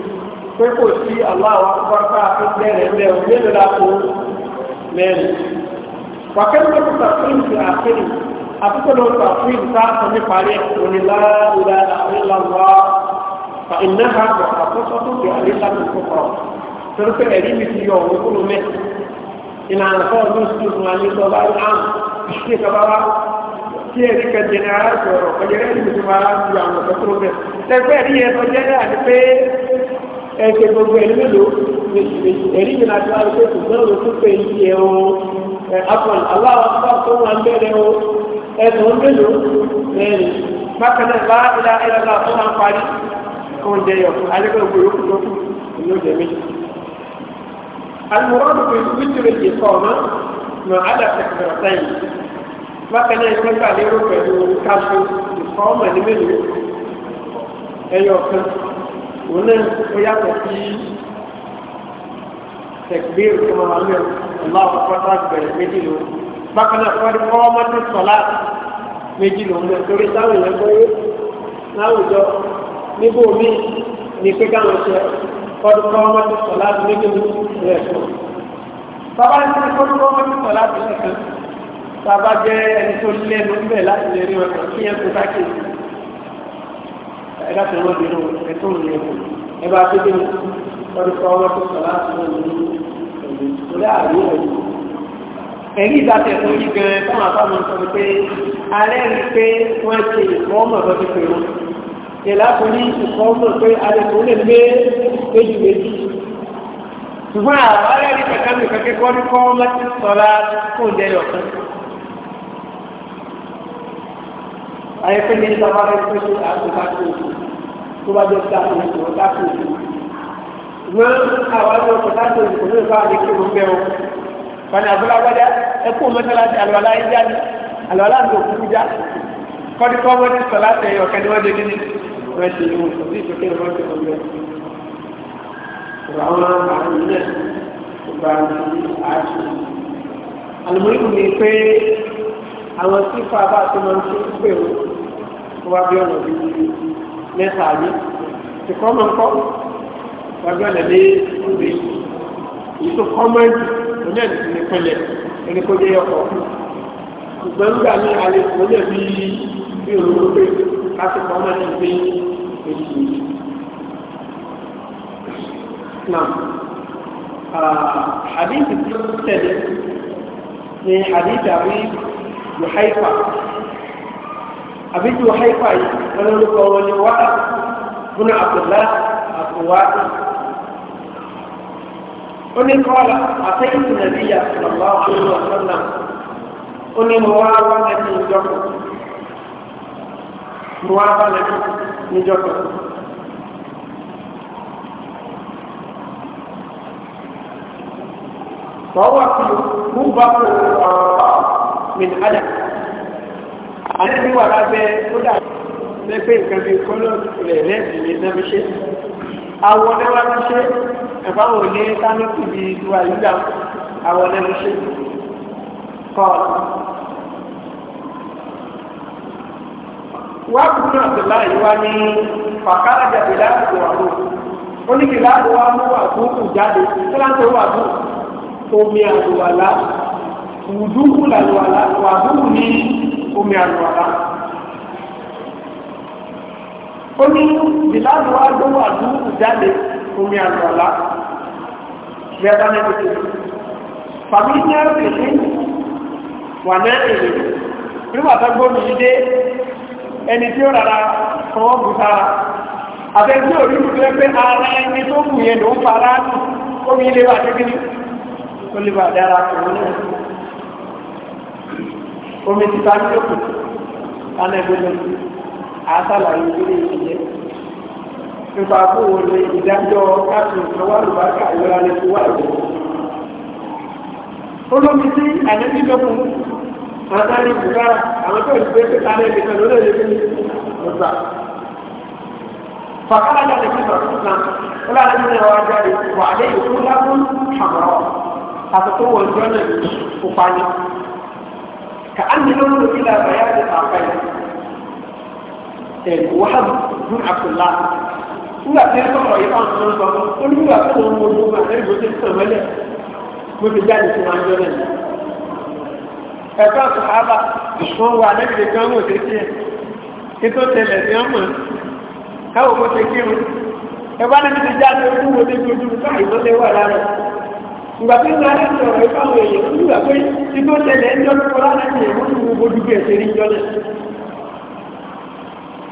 pé kò sí aláwọ̀ akọ́kọ́ àtúntò lọ sí àfihàn sáàtọ̀ nípa rẹ̀ onílára ìlà àríláwá fa iná ha gbà àtúntò tó fi àrílá tó kópa torí pé ẹ̀rí mi ti yọ òun kúrò mẹ́ ìlànà tó ọdún sí ìfún àní tó bá rí àrùn ṣe kaba wa tí ẹ̀rí kan jẹ́ ara sọ̀rọ̀ ọjọ́ ẹ̀rí mi ti máa ju àwọn ọ̀sẹ̀ kúrò mẹ́ ẹgbẹ́ ẹ̀rí yẹn tó jẹ́ náà ni pé ẹgbẹ́ gbogbo tó wà ń bẹ̀rẹ̀ o ẹ̀sùn mélòó mẹ́rin bákanáà bá ilá ìlànà tó máa ń parí oúnjẹ yọ alẹ́gbẹ̀rún yòókù tó kù ìlú òjò méjì. alùpùpù ọdún pẹ̀lú wítìrì ìkọ̀ ọ̀nà nà ádàtẹ̀kẹ̀ ọ̀sẹ̀yìn bákanáà ìpín gbàlérò pẹ̀lú káṣù ìkọ̀ ọmọ ní mélòó ẹyọ kan òun lọ bákan náà kọ́ ọdún kọ́ mọ́tò sọ̀lá méjì lòún lọ torí táwọn èèyàn gbọ́ yé láwùjọ níbo mi ní pé káwọn ṣe ọdún kọ́ mọ́tò sọ̀lá méjì lòún lọ bàbá ní sọ́dún kọ́ mọ́tò sọ̀lá méjì kan bàbá jẹ́ ẹni tó lẹ́nu bẹ̀ láti lè rí ọ̀nà kí ẹ̀kú káàkiri ẹ̀dá tó wọ́n dínú ẹ̀tọ́ òun yẹn ẹ bá tó dínú ọdún kọ́ mọ́tò sọ̀lá méjì lòún ẹ̀rí ìdájẹ́ tó yí gan táwọn àbámu sọ pé alẹ́ rí pé wọ́n ṣe ìfọ́mọ̀ lọ sí pẹ̀lú ìlàkùn ní ìfọ́mọ̀ pé alẹ́kùn lè gbé méjì méjì ṣùgbọ́n àwọn alẹ́ rí kẹ̀kẹ́ mi kẹ́kẹ́ kọ́ ní kọ́ láti sọ̀rọ̀ kó jẹ́ yọ̀kan. àyẹ̀fẹ́ ní ìjọba rẹ̀ tó ṣe àtúntàkù tó bá jẹ́ sáà ní ìjọba tó ṣe. ṣùgbọ́n àwọn alẹ́ ọkọ̀ wọn àbúrò agbada ẹkú mọ́sálásí àlùwàlá yìí já ní àlùwàlá àti òkúkú já kọ́ni kọ́ wọ́n ti sọ láti ẹ̀yọ̀ kẹ́ni wọ́n débi ní wọ́n ti ní wọ́n ti sọ kéde wọ́n ti sọ bẹ́ẹ̀. àwọn àrùn náà kò bá àṣù. àlùmọ́nì mi pé àwọn sífà bá ti máa ń tó pé o kó wá bí ọ̀nà bíi mẹ́ta àbí ìkọ́ máa ń kọ́ wá bí ọ̀nà bíi ìtòkọ́ máa ń dùn òní ẹ̀sìn ti ní pẹ́lẹ̀ ẹni kó dé ọkọ̀ ṣùgbọ́n nígbà ní alẹ́ òní ẹ̀bí bí olóró pé lásìkò ọmọ ẹ̀sìn gbé èsì náà àdéhùn tí ó tẹ̀lé ni àdéhùn àbí yòháìfà àbí yòháìfà yìí wọn lórúkọ wọn ni wàá fún àbùdá àbùwá قل قال أتيت النبي صلى الله عليه وسلم قل مواظبة نجوكم مواظبة نجوكم فهو كوبا من أدب أنا بيقول هذا كذا ما في كذي كله ليه ليه ليه ما بيشي àwọn ọdẹ wa ti ṣe ẹ̀fáwọn òní sánúkì bíi ìwà ìgbà àwọn ọdẹ ti ṣe kọ́ wọ́n kú ní ọ̀sẹ̀lá yìí wá ní fàkàrà jáde láti wà ló ó ní kí láti wá mú àbúkù jáde kí láti wà ló omi àlùwàlá wùdúkù làlùwàlá wàdúkù ní omi àlùwàlá ó ní ìlànà àdówó àdúgbò jáde omi àgbàlá ìjẹta ní tètè fàmílì ní ẹ̀rẹ́ wà ní èrè nígbàtà gbóòmù yìí dé ẹni tí ó rárá ọwọ́ bùtá àtẹ́sí òrí ìgbẹ́ pé ara ẹni tó kù yẹn ló ń fara omi ilé wà kékeré ó lè bà dára òun náà omi ti ta ní òkú lánàá ìgbẹ́ lọ́wọ́ àtàlàyé ìdílé ìṣẹ̀lẹ̀. nípa fóòwò ní ìdájọ́ káàkiri kan wà lùbákà ìwéra ní ti wà lù. olómi tí ànẹ́bí lọ́kùn àtàlẹ́ ìbùkára àwọn tó ìgbé pípa ní ẹ̀mí kan lórí ẹ̀mí ọ̀gbà. fàkàlà jáde sí ìbàkúta náà ó láti ní ẹwà jáde wà ní ìkú lágún àmọ́ àtúntò wọn wahab bin abdullah nígbà tí ẹ sọ̀rọ̀ yìí fáwọn tó ń sọ ó ní nígbà tó ń wo gbogbo àtẹ́rù tó ti sàn mọ́lẹ̀ mo ti jáde sí wọn jọ náà ẹ̀fọ́ àtúnhábà wọn wà lẹ́gbẹ̀ẹ́ tí wọ́n mọ̀ sí sí ẹ̀ kí tó tẹ̀lẹ̀ tí wọ́n mọ̀ káwọ́ mo ti kí wọn ẹ̀fọ́ àti ti jáde ojú wo ní ojú báyìí tó lé wà lára ìgbà tí wọn lè sọ̀rọ̀ yìí fáwọn èèyàn nígbà pé kí tó tẹ̀lẹ̀ ẹjọ́ tó kọ́ lára ẹ̀yẹ̀ wọ́n ti wo gbogbo ẹ̀sẹ̀ ní jọ náà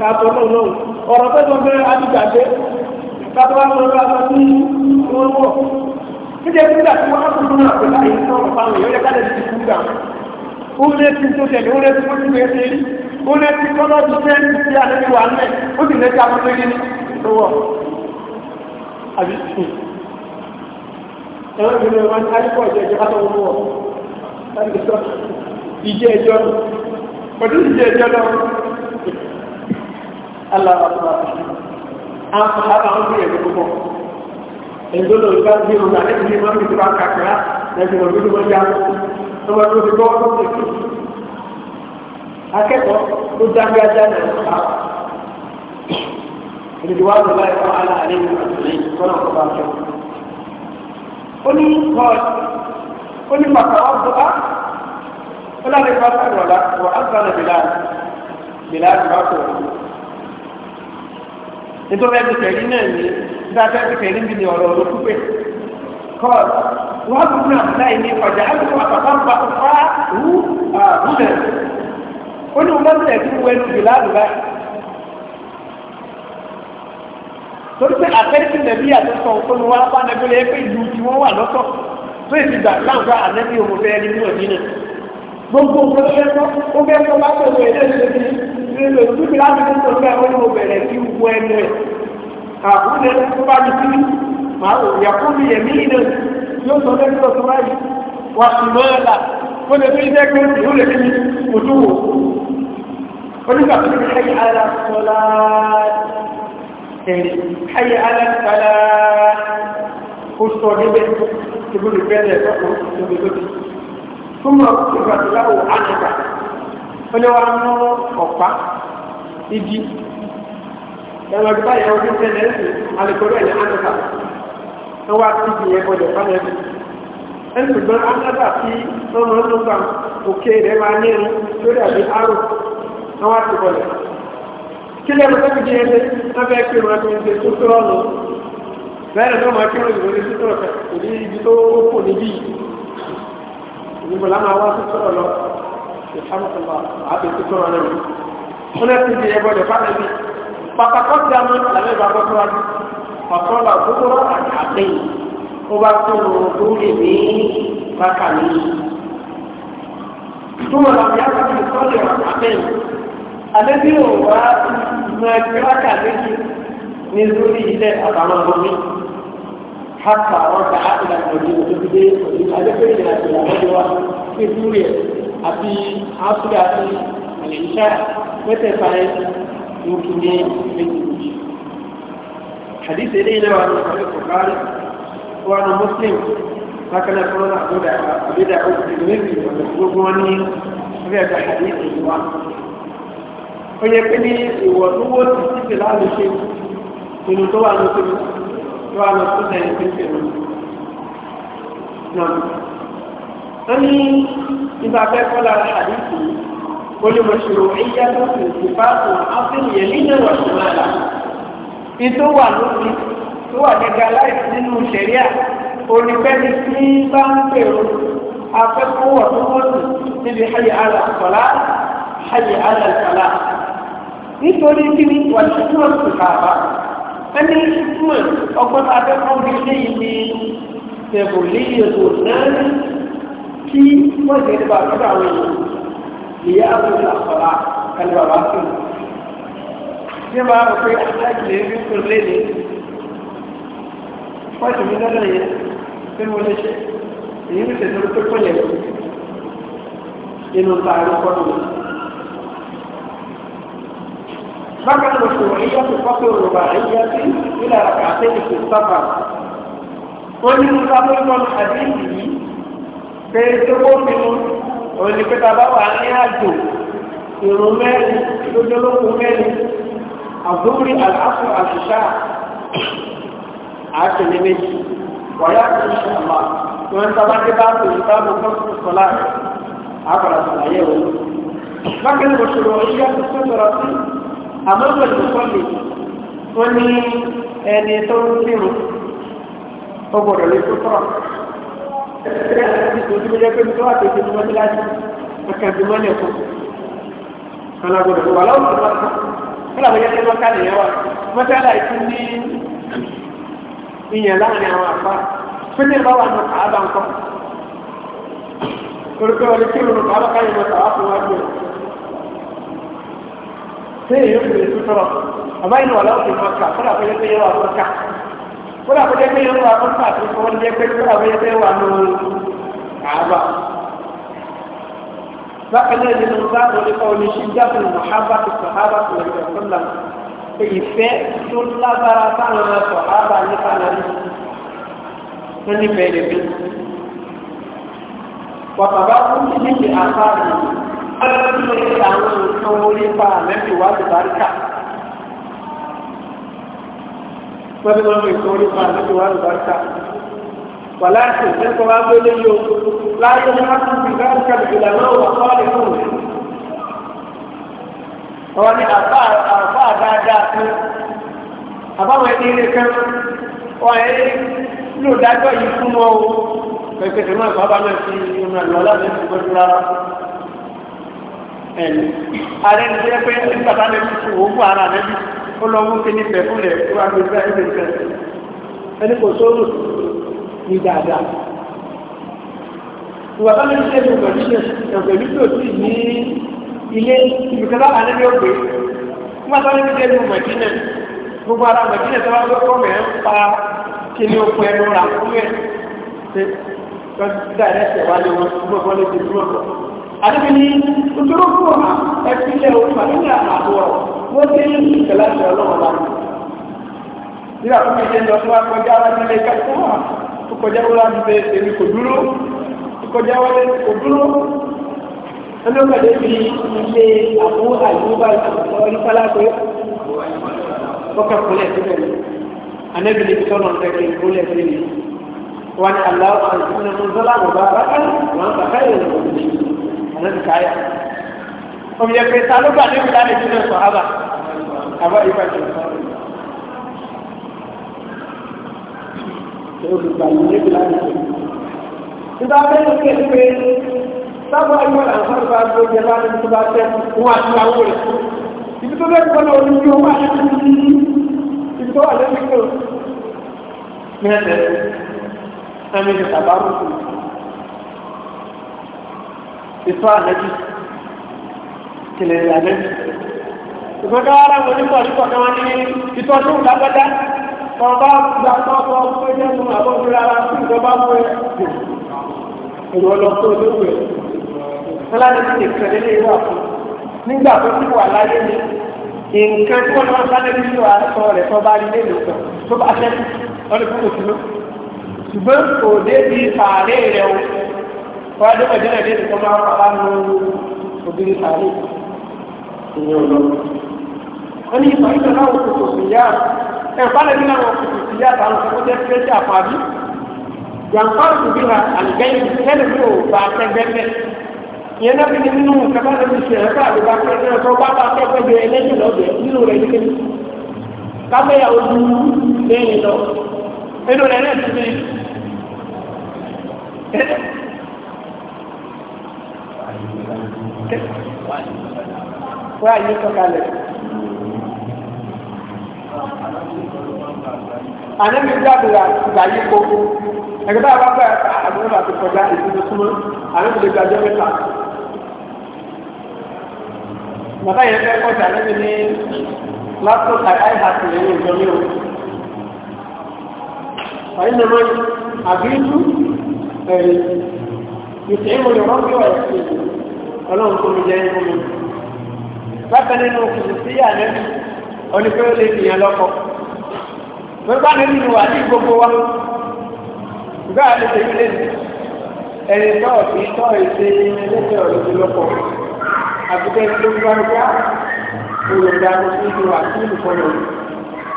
kàtó lọ́wọ́ ọ̀rọ̀ tó tó ń bẹ́rẹ̀ adìgbàgbé kàtó wà lọ́wọ́ lọ́wọ́ tí wọ́n wọ̀ níjẹ́ tí nígbà tí wọ́n á tuntun náà pẹ̀lú àyè tó ń pa àwọn èèyàn lẹ́ka lẹ́sìn fún gbà ó lé tí tó tẹ̀lé ó lé tí wọ́n ti fẹ́ ṣe ó lé tí tọ́lọ́ ti fẹ́ ti àlejò wà ń lẹ̀ ó sì lé ìjẹ́ ìjọba pẹ̀lú ìjẹ́ ìjọ lọ́wọ́ alára tó bá fi àwọn sọ̀rọ̀ àwọn gbìyànjú púpọ̀ ìdólò ìgbà bí òun náà lẹ́yìn nígbà tó bá kàkàrà lẹ́yìn òun tó bá yá tó bá tó fi gbọ́ tó fi kì akẹ́kọ̀ọ́ tó dáńgá dáná ìpa ìdìbò wa lọ báyìí fún alá àlẹ́ ìwà ìlú kọ́nà kọ́ bá tó. ó ní bọ́ọ̀lù ó ní pàpà ọ̀dọ́ á ó láti pàpà ìrọ̀lá wà á sọ̀rọ̀ bìlá bìlá ìbákọ̀ nítorí ẹbí fẹ̀rí náà ní dáadáa ẹbí fẹ̀rí níbi ọ̀rọ̀ ọ̀rọ̀ púpẹ̀ kọ́ọ̀t wọ́n tún náà láì ní ọjà ẹ̀kọ́ bàbá ń bá ọ̀fá rú àbúlẹ̀ ó ní wọ́n tẹ̀ tí wọ́n ti láàrúbá torí pé àtẹ́sí nàbí àtọ́sọ òkúni wọn bá nàbí lè pé ìlú tí wọ́n wà lọ́tọ̀ tó èsì gbà láǹgbà ànẹ́bí òmùfẹ́ ẹni ní òdínà gbogbo òkúni ó fẹ́ kọ́ ó fẹ́ kọ́ bá pẹ̀lú ẹ̀dẹ́ ìṣẹ́ lè tóbi láti ní sọ pé àwọn ọmọ bẹ̀rẹ̀ sí wọ ẹnu ẹ̀ àwọn ẹni tó bá mi sí màá wò yà fún mi yẹ̀mí iná yóò sọ lẹ́nu sọ tó báyìí wà sùnmọ́ ẹ̀ là ó lè fi iṣẹ́ pé ó lè fi ojú wò onígbà tó ní ayé ara sọlá ẹ̀rí ayé ara sọlá ó sọ níbẹ̀ tó bó lè bẹ́ẹ̀ lẹ̀ sọ́kùn tó lè lóde. ثم صفت له عنك ó lé wa mú ọ̀pá igi ẹ̀rọ ìgbà yẹn ojú tẹ́lẹ̀ ẹ̀sìn alùpùpù ẹ̀yẹ ánáta ó wá sí igi yẹn gbọdọ̀ fún ẹ̀sìn ẹ̀sìn ṣùgbọ́n ánáta tí ọmọ máa kí di yẹn lé wọ́n fẹ́ kí wọn tó ń ṣe tó tó ọ̀nà bẹ́ẹ̀ ló máa kí wọn ìwé ní títọ̀ kò ní ibi tó kò níbí ìgbìmọ̀ lá máa wá tó tó alhamdulillah àti tó wọn lẹ́nu wọn ti di ẹbọ lè fáwọn ẹbí pàtàkó ti àmọ́ àlẹ́ ìgbà gbọ́ síwájú pàtọ́lá gbogbo àti àtẹ̀yìn ó bá tó lò ó lè ní bákà ní. túmọ̀ làwọn yàrá ti sọ́ọ̀lì àtẹ̀yìn àlẹ́ bí ò wá mọ ẹgbẹ́ bákà méjì ní lórí ilẹ̀ àtàwọn ọmọ mi. حتى رجع إلى المدينة في البيت àti áfíríkà àti àlèṣà mẹ́tẹ̀ẹ̀fà ẹ̀ ló kí ní méjì méjì. حديث إلينا وعن الصحيح البخاري وعن مسلم هكذا يقولون أبدا أبدا أبدا المرمي والمسلوب واني هذا حديث الإمام فيكني وضوء تسيب الآن شيء من طوال نسيب طوال نسيب نعم wọ́n ní ibà bẹ́ẹ̀ kọ́ lára àdìsí olùmọ̀ṣòro ẹ̀yà tó fi ìfipá fún afẹ́nìyàn nínú ọ̀sùn náà ìtò wà lórí tó wà gẹ́gẹ́ aláìsí nínú ìṣẹ̀ríà onífẹ́ni tí bá ń pèrò afẹ́kọ̀wọ̀ tó wọ́sùn níbi ayé ara sọ̀lá ayé ara sọ̀lá wà ní túmọ̀ sí ẹni túmọ̀ ọgbọ́n abẹ́kọ̀ọ́ bí lẹ́yìn ní tẹ̀bù lẹ́yìn ètò náà kí wọ́n jẹ́ nípa àtúntò àwọn èèyàn ìyá àbúrò àkọ́lá ẹni bàbá sí mi. Ṣé máa rò pé aláìlè ń fi kúrò léde? Wọ́n ti mi lọ́dọ̀ yẹn pé mo lè ṣe èyí ń tẹ̀sán tó kọ́ yẹn nínú ta àrùn kọ́nù mi. Bákan náà ṣòwò ẹ̀yà tó kọ́ tó rọ̀bà ẹ̀yà sí nílà àkàtẹ́ ìpè sábà. Wọ́n ní mo sábẹ́ lọ́nà àdéhùn pé tó kó pinnu òun ni pé bàbá wà ní àjò ìrùn mẹ́rin lójúlógún mẹ́rin àdúrí àlàáfù àṣìṣà àtẹ̀lé méjì wọ̀yá àṣìṣà àmà wọn ń tàbá dé bá tó ìta bó kọ́sùn sọ́lá àpàlà sàlàyé òun. bákan náà ní ẹni tó ń kírun ó gbọ́dọ̀ ìtòjú jẹ́ pé nítorí àtẹ̀jẹ́ ní wọ́n láti ọkàdé mọ́lẹ̀ fún alágbọ̀dọ̀ wà lọ́wọ́ fúlàbọ̀ yẹ́ tẹ́lọ́ ká nìyẹn wà mọ́tálà ìtú ní ìyẹn láàrin àwọn àpá fún ẹ̀rọ wà nù kàábà ńkọ́ orúkọ orí kí lóòrùn kàábà káyọ̀ mọ́tà wà fún wájú ẹ̀ sí èyí ó fi lè kódà kó jẹ́ pé yẹn wà fún pàtó kó wọ́n jẹ́ pé kódà kó jẹ́ pé wà ló kàába. bákan náà nínú sáàtò nípa oníṣẹ́ jáfẹ́ mọ̀hábà tó sọ̀hábà tó lọ́jọ́ sọ́lá ìfẹ́ tó lágbára táwọn sọ̀hábà nípa náà tó nífẹ̀ẹ́ lè fi. wàtàbá fún títí àfáàrí àwọn ìṣòro àwọn nǹkan orí pa àmẹ́fì wá ti bá rí kà. wọ́n máa ń fi sọ nípa àti wà lùbáríkà. Wàlá àti ìṣẹ́kọ̀ wá gbé lé yóò láti ní láti fi gáríkà ìgbìlá náà wà kọ́ ní fún mi. Ọ̀rọ̀ ni àbá dáadáa kan, àbáwọn ẹni ilé kan, wọ́n ẹ̀ lò dájọ́ yìí fún wọn o. Pẹ̀pẹ̀tẹ̀ náà bàbá náà fi ìrìn àlọ́ láti fi gbọ́dọ̀ rárá. Ẹ̀ẹ́dì, ààrẹ ni pé nígbà tá a lè fi sùn ó lọ mú kí ní pẹ̀kúnlẹ̀ tó wá gbé bá ẹgbẹ̀ ìfẹ́ ẹni kò sóòrò ní dáadáa ìwà bá lórí ṣẹ́gun pẹ̀lú ẹgbẹ̀lú tó sì ní ilé ìbùkẹ́lá àdébí ògbé wọ́n bá lórí ṣẹ́gun mẹ̀dínà gbogbo ara mẹ̀dínà tó wá gbé kọ́ mẹ́ ń pa kí ní okun ẹnu rà fún ẹ̀ àdébí ní ojúlọ fún ọmọ ẹbí ilẹ̀ orí màlúùmí àmàdùọ wọ́n dé ìṣẹ̀lẹ̀ àti ọlọ́run bá nígbà tó kẹjẹ lọ tó wá kọjá láti ilé kẹta tó kọjá wọlé àti bẹ́ẹ̀ èmi kò dúró tó kọjá wọlé kò dúró ẹlọ́kàdé fi ilé àbú àyùbá ìfọlásọ ọkọ̀ kúnlẹ̀ síbẹ̀ ànábì ní sọ́nà ọ̀tẹ́kẹ̀ kúnlẹ̀ síbẹ̀ wọn ni aláwọ̀ àti ìfúnnamọ́ sọ́lá àbúbá bá kẹ́ wọn bàbá yẹn lọ́wọ́ àná ti káyà omi yẹ pé ta ló gbà débi láti fi náà sọ ábà àbá ìgbà tó sọ olùgbà yìí débi láti fi nígbà mẹ́rin kí ẹ pé sábà ìwọ làǹfààní bá gbé jẹ láti tó bá tẹ wọn àti àwọn rẹ ibi tó bẹ́ẹ̀ kọ́ lọ́wọ́ ní owó àti ibi tó wà lẹ́yìn kò mẹ́rin ẹ̀mí ni tàbá rúkú ìtọ́ ànẹ́bí kìlẹ̀ ànẹ́bí ìgbẹ́ká ara wọn ní pọ̀lípọ̀ kan wọ́n ní ìtọ́ tó ń lágbádá ọba gba ọkọ̀ ọgbẹ́jẹ́ fún àbọ̀dúró ara fún ìjọba mú ẹ èrò ọlọ́pọ̀ olóògbé wọn láti ti tẹ̀lé lè wà fún nígbà tó ti wà láyé ni nǹkan tó lọ sáré bí wà sọ rẹ̀ tó bá rí lẹ́nu sọ tó bá ṣẹ́kù ọdún fún òṣùwọ̀n ṣùgbọ́n kò dé bí fàárẹ̀ wọ́n adé mọ̀jẹ́lẹ̀ dé nìkan máa ń pa lánàá obìnrin sàárè ìyẹn ò lọ. wọ́n ní ìgbà yìí náà wọ́n kòtò sí yá ẹ̀fọ́lẹ̀ bí náà wọ́n kòtò sí yá àtàwọn ọ̀sán tó jẹ́ fẹ́ẹ́sì àpàbí. jàǹfààní kò bí ra àlùgẹ́yìn kẹ́lẹ̀ bí ò bá tẹ́gbẹ́fẹ́. ìyẹn náà fi ní nínú kaba náà fi ṣe ẹ̀fọ́ àdúgbò akẹ́kẹ́ tó wọ́n àyè sọ̀kalẹ̀. ànábi jáde ìgbà yìí kó ẹgbẹ́ bá wà bẹ́ẹ̀ àdúgbò àti kọjá ìdílé súnmọ́ ànábi lè gbàjọ́ mẹ́ta. bàbá yẹn fẹ́ kọ́sí ànábi ní látó àìhàtì lẹ́yìn ìjọ mi o. wàyí ni wọ́n àbí ìlú ẹ̀yìn. يطعم لربي ويسكنه ọlọ́run tó mi jẹ́ ikú mi. bákan nínú kùsù sí ànẹ́bí oníkóró lè fìyàn lọ́kọ̀. gbogbo ànẹ́bí ni wà ní gbogbo wa. gbogbo àlè tèmi lè ní. ẹni tọ́ ọ̀sìn tọ́ èsè lẹ́sẹ̀ ọ̀lọ́dún lọ́kọ̀. àbúkẹ́ tó gbọ́ ní bá olùdá nínú wà sí olùkọ́nà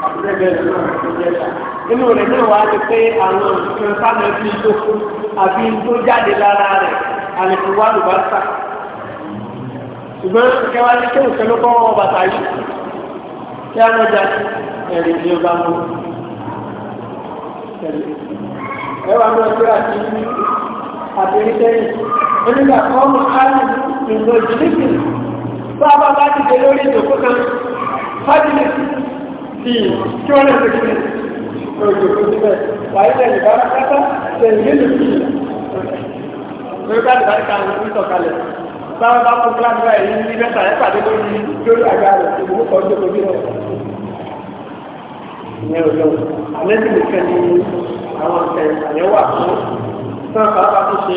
àbúkẹ́ bẹ́ẹ̀ lọ́wọ́ tó jẹ́ inú rẹ̀ náà wà á ti pé àwọn òṣìṣẹ́ sáà àbí tó jáde lára rẹ̀ àlèkò wà ló bá sà ṣùgbọ́n kẹwàá ní kéwù kẹló kọ́ wọn bàtà yìí kí á lọ jà ẹ̀rì ní ọba mú ẹwà náà tó àti àtẹnitẹ́yìn onígbà kan mú káàdì ìlú ìdílé tó a bá bá ti dé lórí ìdòkó kan fájìlì sí kí wọ́n lè ṣe kí ni òjò síbẹ̀ wàhálà ìbá kátà tẹ̀lé lè fi lórí káàdì bá ká lórí sọ̀kalẹ̀ báwa bá kó kíláàsì báyìí ní ní mẹ́ta ẹ̀ pàdé lórí lórí àga rẹ̀ ìwúkọ̀ kan tó lórí rẹ̀ ìyẹn ò lọ́wọ́ alẹ́ sì lè fẹ́ ní àwọn ọ̀sẹ̀ àyẹ̀wò àkókò sáà bàbá tó ṣe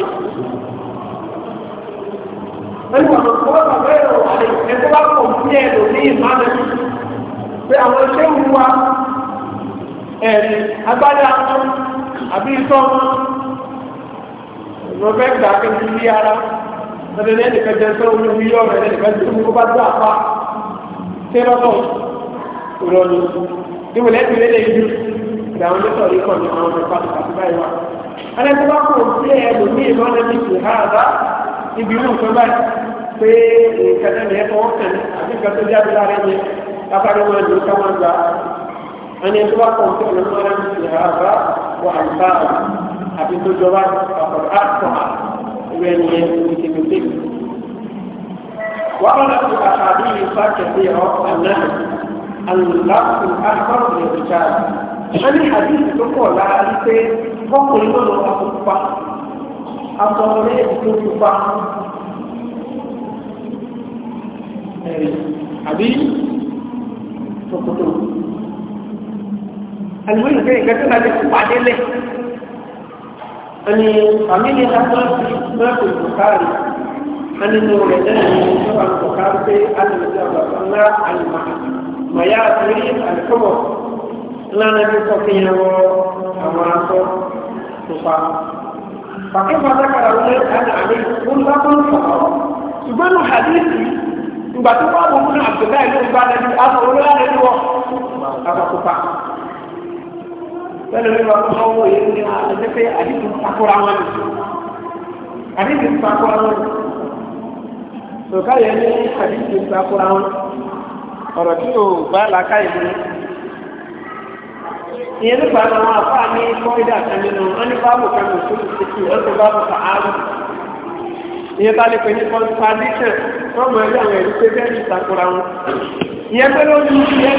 ẹnu àwọn ọ̀pọ̀ bàbá ẹ̀rọ àlè ẹ̀kọ́ bá pọ̀ sí ẹ̀ lò ní ìmọ̀ àmì pé àwọn iṣẹ́ wù wá ẹ̀rí agbádá wọn àbí ìtọ́ wọn rọ̀bẹ́ gbà kẹ́kẹ́ ní ara lọ́dẹ̀ lẹ́yìn nìkan jẹ́ sọ́wọ́ ní orí ọ̀rẹ́ lẹ́yìn nìkan tó ń kó bá tó àpá tẹ́lọ́tọ̀ ìrọ̀lù níbo lẹ́yìn lẹ́yìn lẹ́yìn ìdáwọn lẹ́tọ̀ rí kàn ní àwọn ọmọ ìpàdé àti báyìí wa. alẹ́ tó bá kò sí ẹ̀ lómi ìmọ̀ lẹ́yìn ìpè ha àbá ibi irú nǹkan báyìí pé nǹkan náà ní ẹ̀kọ́ wọn kàn ní àbí nǹkan tó jáde láàrin yẹn lápá أن يتوقع فعل المرأة مثل هذا وأمثاله أبي تجربة فقد أخطأ يعني يمكن وردت الأحاديث كثيرة أنها اللفظ الأكبر للرجال أن الحديث تقول لها أنت فقل له أصبح أصبح أصبح حديث تقول àlùmíì ṣe nǹkan tó láti fún pàdé lẹ̀ ẹni àmìlì lápọ́ọ̀sì mẹ́kùn bùkárì ẹni tó rẹ̀ lẹ́yìn ìjọba bùkárì pé alùmíì àbàbà ńlá àlùmá màyà àtúrí àlùkọ́bọ̀ ńlá náà ti sọ fihàn wọ àwọn aṣọ pupa. Fàkífà dákàrà wọlé àti àmì wọn bá tó ń sọ̀rọ̀. Ṣùgbọ́n ní hadithi, ìgbà tó bá wọn fún Abdullahi ló ń bá lẹ́nu, a sọ̀rọ̀ lọ́wọ́ lẹ́nu wọ̀, a sọ pupa. pẹ̀lú mi wà fún ọwọ́ yìí ní àti pé àdìsí takora wọn ni àdìsí takora wọn ni tòká yẹn ní àdìsí takora wọn ọ̀rọ̀ tí yóò bá làákà yìí ní. ìyẹn nípa àwọn afá ní kọ́ńdà kan nínú wọn ní báàbò kan kò tó ti kí wọn tó báàbò kan áàrù ìyẹn bá lè pè ní kọ́ńtàdíṣẹ̀ wọ́n mọ̀ ẹ́ àwọn ẹ̀rí pé bẹ́ẹ̀ ní takora wọn. ìyẹn pé ló ń yẹ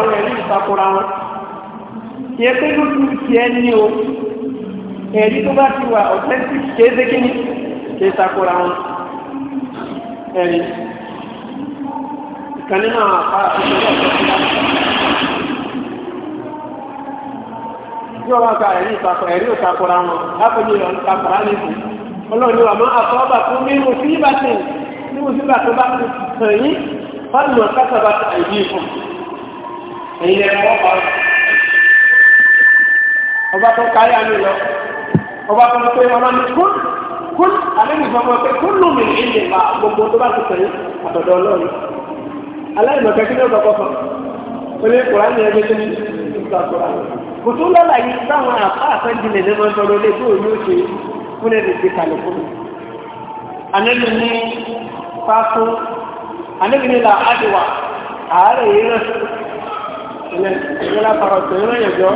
àwọn ẹ̀rí ìtakora wọn yẹ pé lójú ti ẹ ní o ẹ̀rí tó bá ti wà authentic kéèzé kí ni kí é takora wọn ẹ̀rí ìkànnì náà àpá tí wọ́n bá ka ẹ̀rí ìtakora ẹ̀rí ìtakora wọn lápẹ̀lú ìtakora nìkan ọlọ́run ni wà máa àtọ́bà fún mímú sí ìbátan mímú sí ìbátan bá ti sàn yín fáwọn ìmọ̀ kásábà àìdí ìfún ẹ̀yin lẹ́nu wọ́n pa ọba tó kárí àmì lọ ọba tó ń pè ọba ní kún kún àlejò ìfọwọ́ pé kún lù mí ilé ma gbogbo tó bá ti sẹ́yìn àtọ̀dọ̀ ọlọ́run aláìmọ̀ kẹ́kẹ́ ní ọ̀dọ̀ kọ̀ọ̀kan ó ní kùrán ní ẹgbẹ́ tó ní ìgbà kùrán kò tó lọ́la yìí táwọn àpá àfẹ́jìnlẹ̀ lẹ́mọ̀ ń sọ̀rọ̀ lé bóòlù òṣè fún ẹ̀rẹ̀ ti kalẹ̀ fún mi ilẹ̀ ìwé lápára ọ̀tọ̀ ìwé ẹ̀jọ́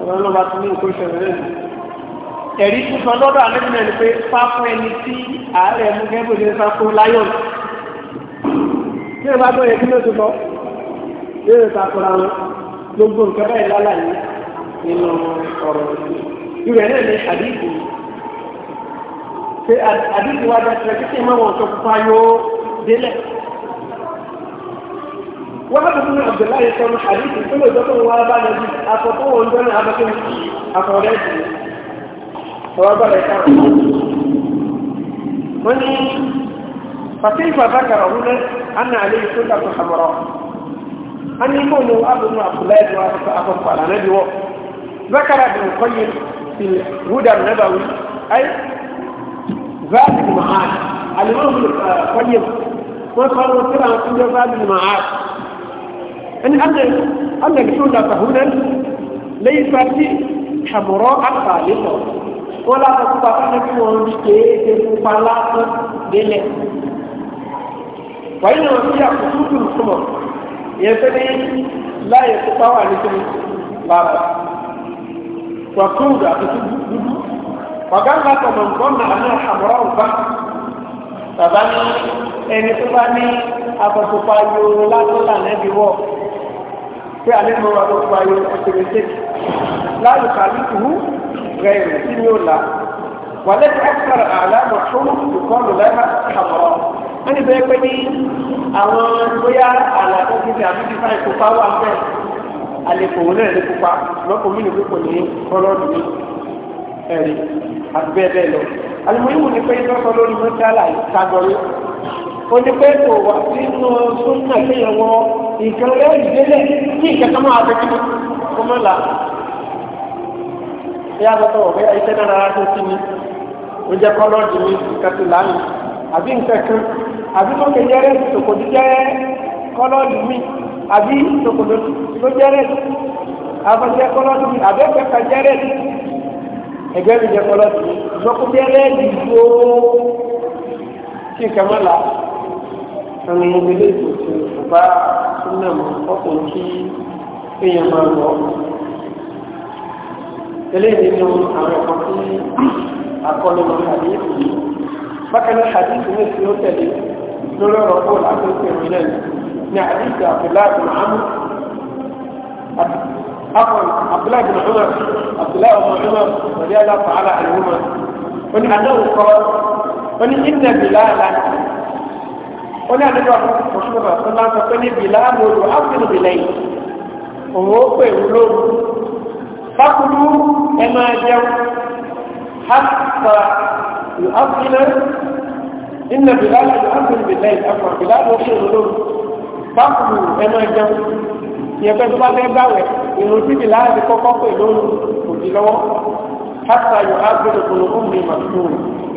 ọ̀rọ̀ ló bá ti ní nǹkan ìṣẹ̀lẹ̀ rẹ̀ ẹ̀rí tuntun lọ́dọ̀ àlẹ́bìnrin ni pé fáfún ẹni tí ààrẹ mú gẹ́gbẹ́ ní fáfún láyọ̀ tí ó bá tó kí ló tó kọ́ yóò takora wọn gbogbo nǹkan báyìí lálàyé nínú ọ̀rọ̀ ìrẹ̀ náà ní àdìsí ṣe àdìsí wa tẹ̀lé wákàtí fún abdullahi sọnù àdìsí tó lè dọ́kọ̀ wá bá lọ sí àkọ́kọ́ wọn jọ ní abẹ́kẹ́ àkọ́rẹ́ jù ọwọ́ bá lẹ́ka wọ́n ní fàtíì bàbá kàrọ̀ hún lẹ́ anna alẹ́ tó dàgbà àmọ́rọ̀ a ní mọ́ ní abúlé abdullahi tó wá sọ àkọ́kọ́ àlànà bí wọ́ zakara bin kọ́yé fi húdà nàbàwí ay zaadi mahad alimọ́ bin kọ́yé wọ́n sọ wọn síra wọn kúndé zaadi mahad يعني أن أن الحلة هنا ليست حمراء خالصة ولا تستطيع أن تكون فلاطة دلة وإنما فيها خطوط الحمر يسمي لا يستطيع أن يكون بارا وكودا تكون وقال لك من ظن أنها حمراء فقط bàbá ní ẹni tó bá ní abọ̀tòpá yòó lásán lànà ẹbí wọ̀ pé alẹ́ mọ́ wa ló pa ayé ọ̀sẹ̀rẹ̀ tẹ́kì láàrú kàlíkù hù rẹ̀ rẹ̀ sí ní òlà wà lẹ́tí ẹ́kọ̀rọ̀ àlámọ̀ tó ìkọlù lẹ́nà àmọ̀rọ̀ wọ́n ní bẹ́ẹ̀ pé ní àwọn bóyá àlàkó kíkẹ́ àbí kíkà ìkópa wà fẹ́ àlèkò òun náà lè kópa lọ́kọ̀ mí ní pípò ní kọ́lọ́ọ̀dù mi ẹ̀rí àti bẹ́ẹ̀ bẹ́ẹ̀ lọ. àlùmọ́yìnwó ni pé lọ́sọ̀ lórí mọ́tálà ìtagbọ́rí ó kò wà nínú súnmọ́ nǹkan rẹ̀ ìdílé kí nǹkan kan máa bẹ̀rẹ̀ kó mọ́ là. Ṣé a lọ́tọ̀ wọ̀ bẹ́ẹ̀ iṣẹ́ náà rárá tó sí mi? Ó jẹ́ kọ́lọ́ọ̀dì mi nǹkan ti làánù. Àbí nǹkan kan, àbí tó kẹ jẹ́rẹ́ tòkòdì jẹ́ kọ́lọ́ọ̀dì mi, àbí tòkòdì tó jẹ́rẹ́ àbọ̀jẹ́ kọ́lọ́ọ̀dì mi, àbẹ́ kẹta jẹ́rẹ́ ẹgbẹ́ mi jẹ́ kọ́lọ́ọ̀dì mi. Ìgbọ́kú jẹ́rẹ́ ìgbó kí nǹkan mọ́ là. ẹni ilé ìtòsí ìfúnpá sílẹ̀ mọ́ ọkùn kí èèyàn máa lọ. eléyìí nínú àwọn ẹ̀kọ́ tí akọni lọ hadithi yìí bákan náà hadithi ní ti ó tẹ̀lé lórí ọ̀rọ̀ bóòlù àtúntò ìrìnlẹ̀ ní hadithi abdullahi bin amr عفوا عبد الله بن عمر عبد الله بن عمر رضي الله تعالى عنهما وان انه قال وان ان بلالا ó ní àdúgbò àwọn òṣùwọ̀n bàbá tó máa ń sọ pé níbi láàmú odò áfíìlì bìlẹ̀yìn òun ó pè wú lóru fákulú ẹ máa jẹun hàtà ìhàfíìlẹ̀ ìnà bìláàmù odò áfíìlì bìlẹ̀yìn àfọ̀ bìláàmù ó pè wú lóru fákulú ẹ máa jẹun ìyẹ̀fẹ́ tó bá fẹ́ gbàwẹ̀ ìrùn síbi láàrin kọ́kọ́ pè lóru òdì lọ́wọ́ hàtà ìhàfíìlẹ̀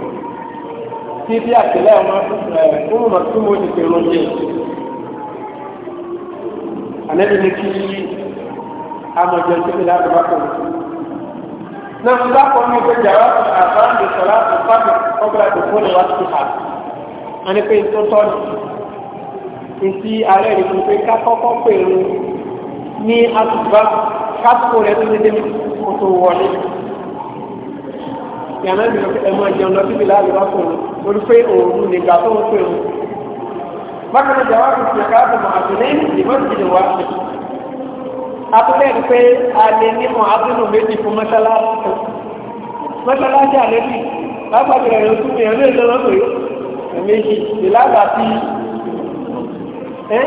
tí bí àtẹlẹ́ ọmọ fún mọ̀ tí mo ti pèrò jẹ. Àlẹ́bí ni kí amọ̀jọ tí mi láti bá kọ̀ mí. Náà bá kọ́ mi pé jàrá àbáǹdì sọ̀rọ̀ àti fábì ọgbà tó fún ìwà tó hà. A ní pé tó tọ́ ni. Ntí alẹ́ rẹ̀ fún pé ká kọ́kọ́ pèrò ní àtùbá kásìkò rẹ̀ tó dédé kó tó wọlé. Ìyànà ìgbìyànjú ẹ̀mọ́ ìjẹun lọ síbi láti bá kọ̀ mí torí pé òòrùn nìgbà tó ń pè ó bákan náà jàwá kò tìǹkà á tọmọ àtúnlé ìmọ̀síjìlẹ̀ wá sí àtúnlẹ̀ ń pé a lè nímọ̀ abúlé méjì fún mọ́ṣáláṣí mọ́ṣáláṣí àlébì lápapọ̀ ẹ̀rọ tún ní ẹ̀rọ ìlú lọ́nà pé méjì ìlàgbà ti ẹ́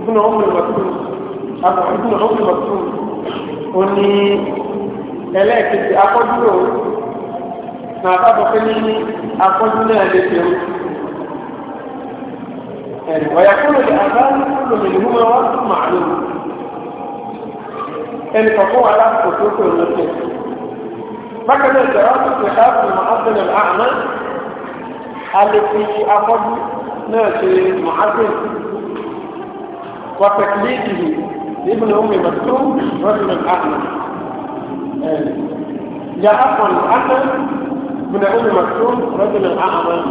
ìbùnà ọ̀pọ̀ ìmọ̀tún àpọ̀ ìbùnà ọ̀pọ̀ ìmọ̀tún òní ẹlẹ́ẹ̀kejì akọ́dúró bàbá bọ̀ pé ní akọ́jú náà lè fi ẹ̀rù ọ̀yà kúrò lè àbá kúrò lè mú wọn wá fún màálù ẹnì kọ̀ọ̀kan wà lásìkò tó kò ní ọ̀sẹ̀ bákan náà ìjọba tó ti ká fún màásìlẹ̀ àmọ́ a lè fi akọ́jú náà ṣe màásìlẹ̀ وتقليده لابن أم مكتوم رجل أحمد جاء أخوان أحمد من ابن مكتوم رجل الاعمل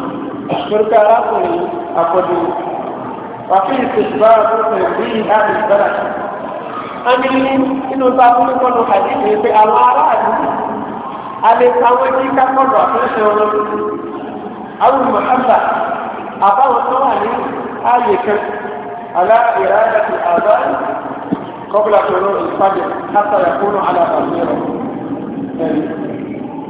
اشترك ربي اقدم وفي استشفاء في هذه البلد امين انه تقول كل حديث في الاعراض علي صوتي كفر وفرشه او المحبه أبو الصوالي اي كفر على إرادة الآباء قبل شروع الفجر حتى يكون على تصويره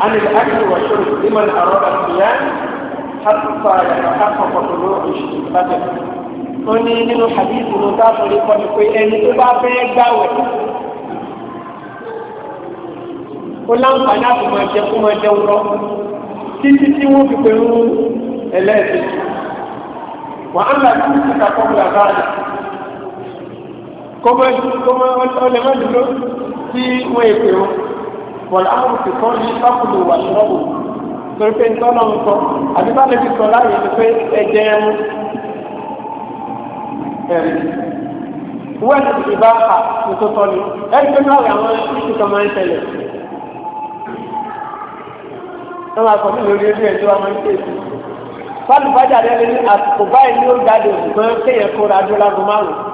عن الأكل والشرب لمن أراد الصيام حتى يتحقق طلوع الشمس ó ní nínú hadith ló dáàbò lè kọ́ ni pé ẹni tó bá fẹ́ gbàwẹ̀ ó láǹfààní àti máa jẹ kó máa jẹun lọ títí tí wọ́n fi pẹ̀lú ẹlẹ́ẹ̀dẹ́ wà á là kí kíkà kọ́ bí àbáàlà kó máa tí wọ́n èpè wọn wọ́n láwọn ti kọ́ ní pákùlù wà lọ́wọ́ torí pé nítorí náà ń sọ àti bá lẹ́bi sọ láàyè ni pé ẹ̀jẹ̀ ẹ̀ mú ẹ̀rí wọ́n ti ti bá a tuntun sọ ni ẹ̀rí pé náà rẹ̀ àwọn ìṣù kan máa ń tẹ̀lẹ̀ wọ́n máa sọ mí lórí orí ẹ̀jẹ̀ wa máa ń tẹ̀sí fálùbájà rẹ̀ ní àsìkò báyìí ni ó jáde òṣùgbọ́n kéèyàn kóra adúlágún márùn-ún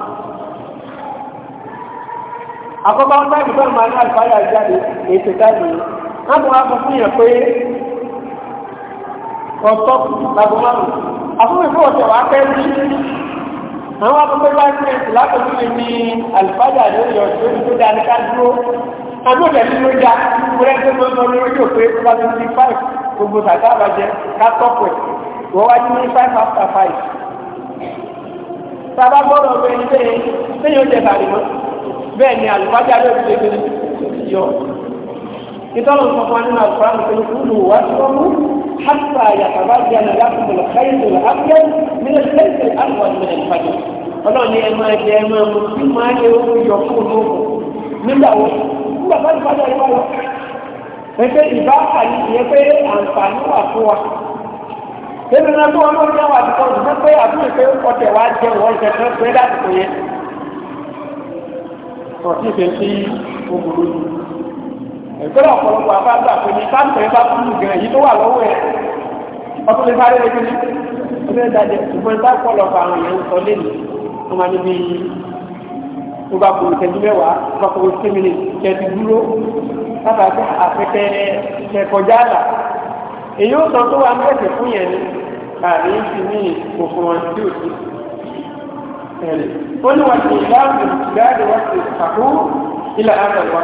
àkọ́kọ́ táìmù tó máa ní àlùfáàyà jáde ètò táìmù yìí wọ́n tún wá sọ fún yẹn pé ọ̀tọ́ làbò márùn àfúnmi fún ọ̀tẹ̀ wá pẹ́ sí àwọn akọ́kọ́ bá ní ẹ̀sìn látọ̀tún mi ní àlùfáàyà lórí ọ̀tún tó dáa ní ká dúró àgbọ̀dẹ̀ ní já kúrẹ́ tó ń lọ lórí òpé bá ti di five gbogbo tàtà àbàjẹ́ ká wọ́n wá ní five after five. sábà gbọ́dọ̀ bẹ́ẹ̀ ní bẹ́ẹ̀ ní bẹ́ẹ̀ bàrí mọ́ bẹ́ẹ̀ ni àlùfáàjà ló ti ṣe yọ. ìtọ́nà sọ fún wa nínú àlùfáà mi pé kúlù wá sí ọmú hàtà yàtàbá di ànàlá fún mi káyé tó lọ ápẹ́ mílẹ̀ sẹ́sẹ̀ àlùfáà mi lẹ̀ fàjọ. ọlọ́run ni ẹ máa jẹ ẹ máa mú kí máa yẹ owó yọ fún un lóko nígbà wo nígbà bá àlùfáàjà yọ wá lọ. pẹ̀pẹ́ ìbá àyè yẹ pé àǹfààní wà fún wa. ebi náà tó wọn lórí àwọn àtìkọ́ wọn kì í ṣe sí òbòrò yìí ẹ̀kọ́ ọ̀pọ̀lọpọ̀ afáàgbà pé ní sáǹtẹ̀ bá kúrú gan èyí tó wà lọ́wọ́ ẹ̀ ọtún lè sáré lé kiri ó lè dájẹ́ ṣùgbọ́n ní sáǹpọ̀lọpọ̀ àwọn èèyàn ń sọ lẹ́nu tó máa níbi tó bá wà ń bẹ̀sẹ̀ fún yẹn ní àríyìn sí ní òfin wọn tí ò sí ẹ̀rẹ̀ ó ní wọ́n ti láàbù ìgbáàdì wọ́n ti pàkó ilẹ̀ àbẹ̀wọ̀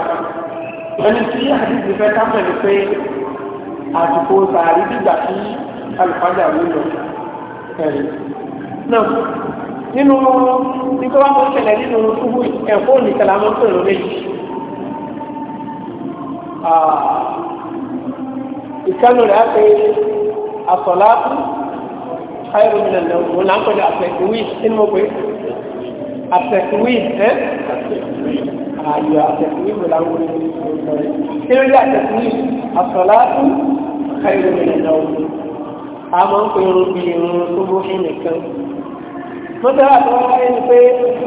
ẹni tí àdìsí fẹ́ kápẹ̀ ní pé àsìkò sàárì dìgbà tí alùpàdà wù lọ ẹ̀rẹ̀ náà nínú nígbà wọn kọ́ ṣẹlẹ̀ nínú túbú ẹ̀kọ́ nìkàlà mọ́ pẹ̀lú méjì ìkànnì rẹ̀ pé àsọ̀lá ayélujára náà wọn là ń pẹ̀lú àpẹ̀kúwì àtẹ̀kùwìn ẹ́ ààyò àtẹ̀kùwìn wò láwọn orin ìṣòro kéré àtẹ̀kùwìn àsọ̀láàtún káyọ̀ ìrìnà òun a máa ń pè irun bí irun tó bó ṣe nìkan mọ́tò àti wọ́n wáyé ni pé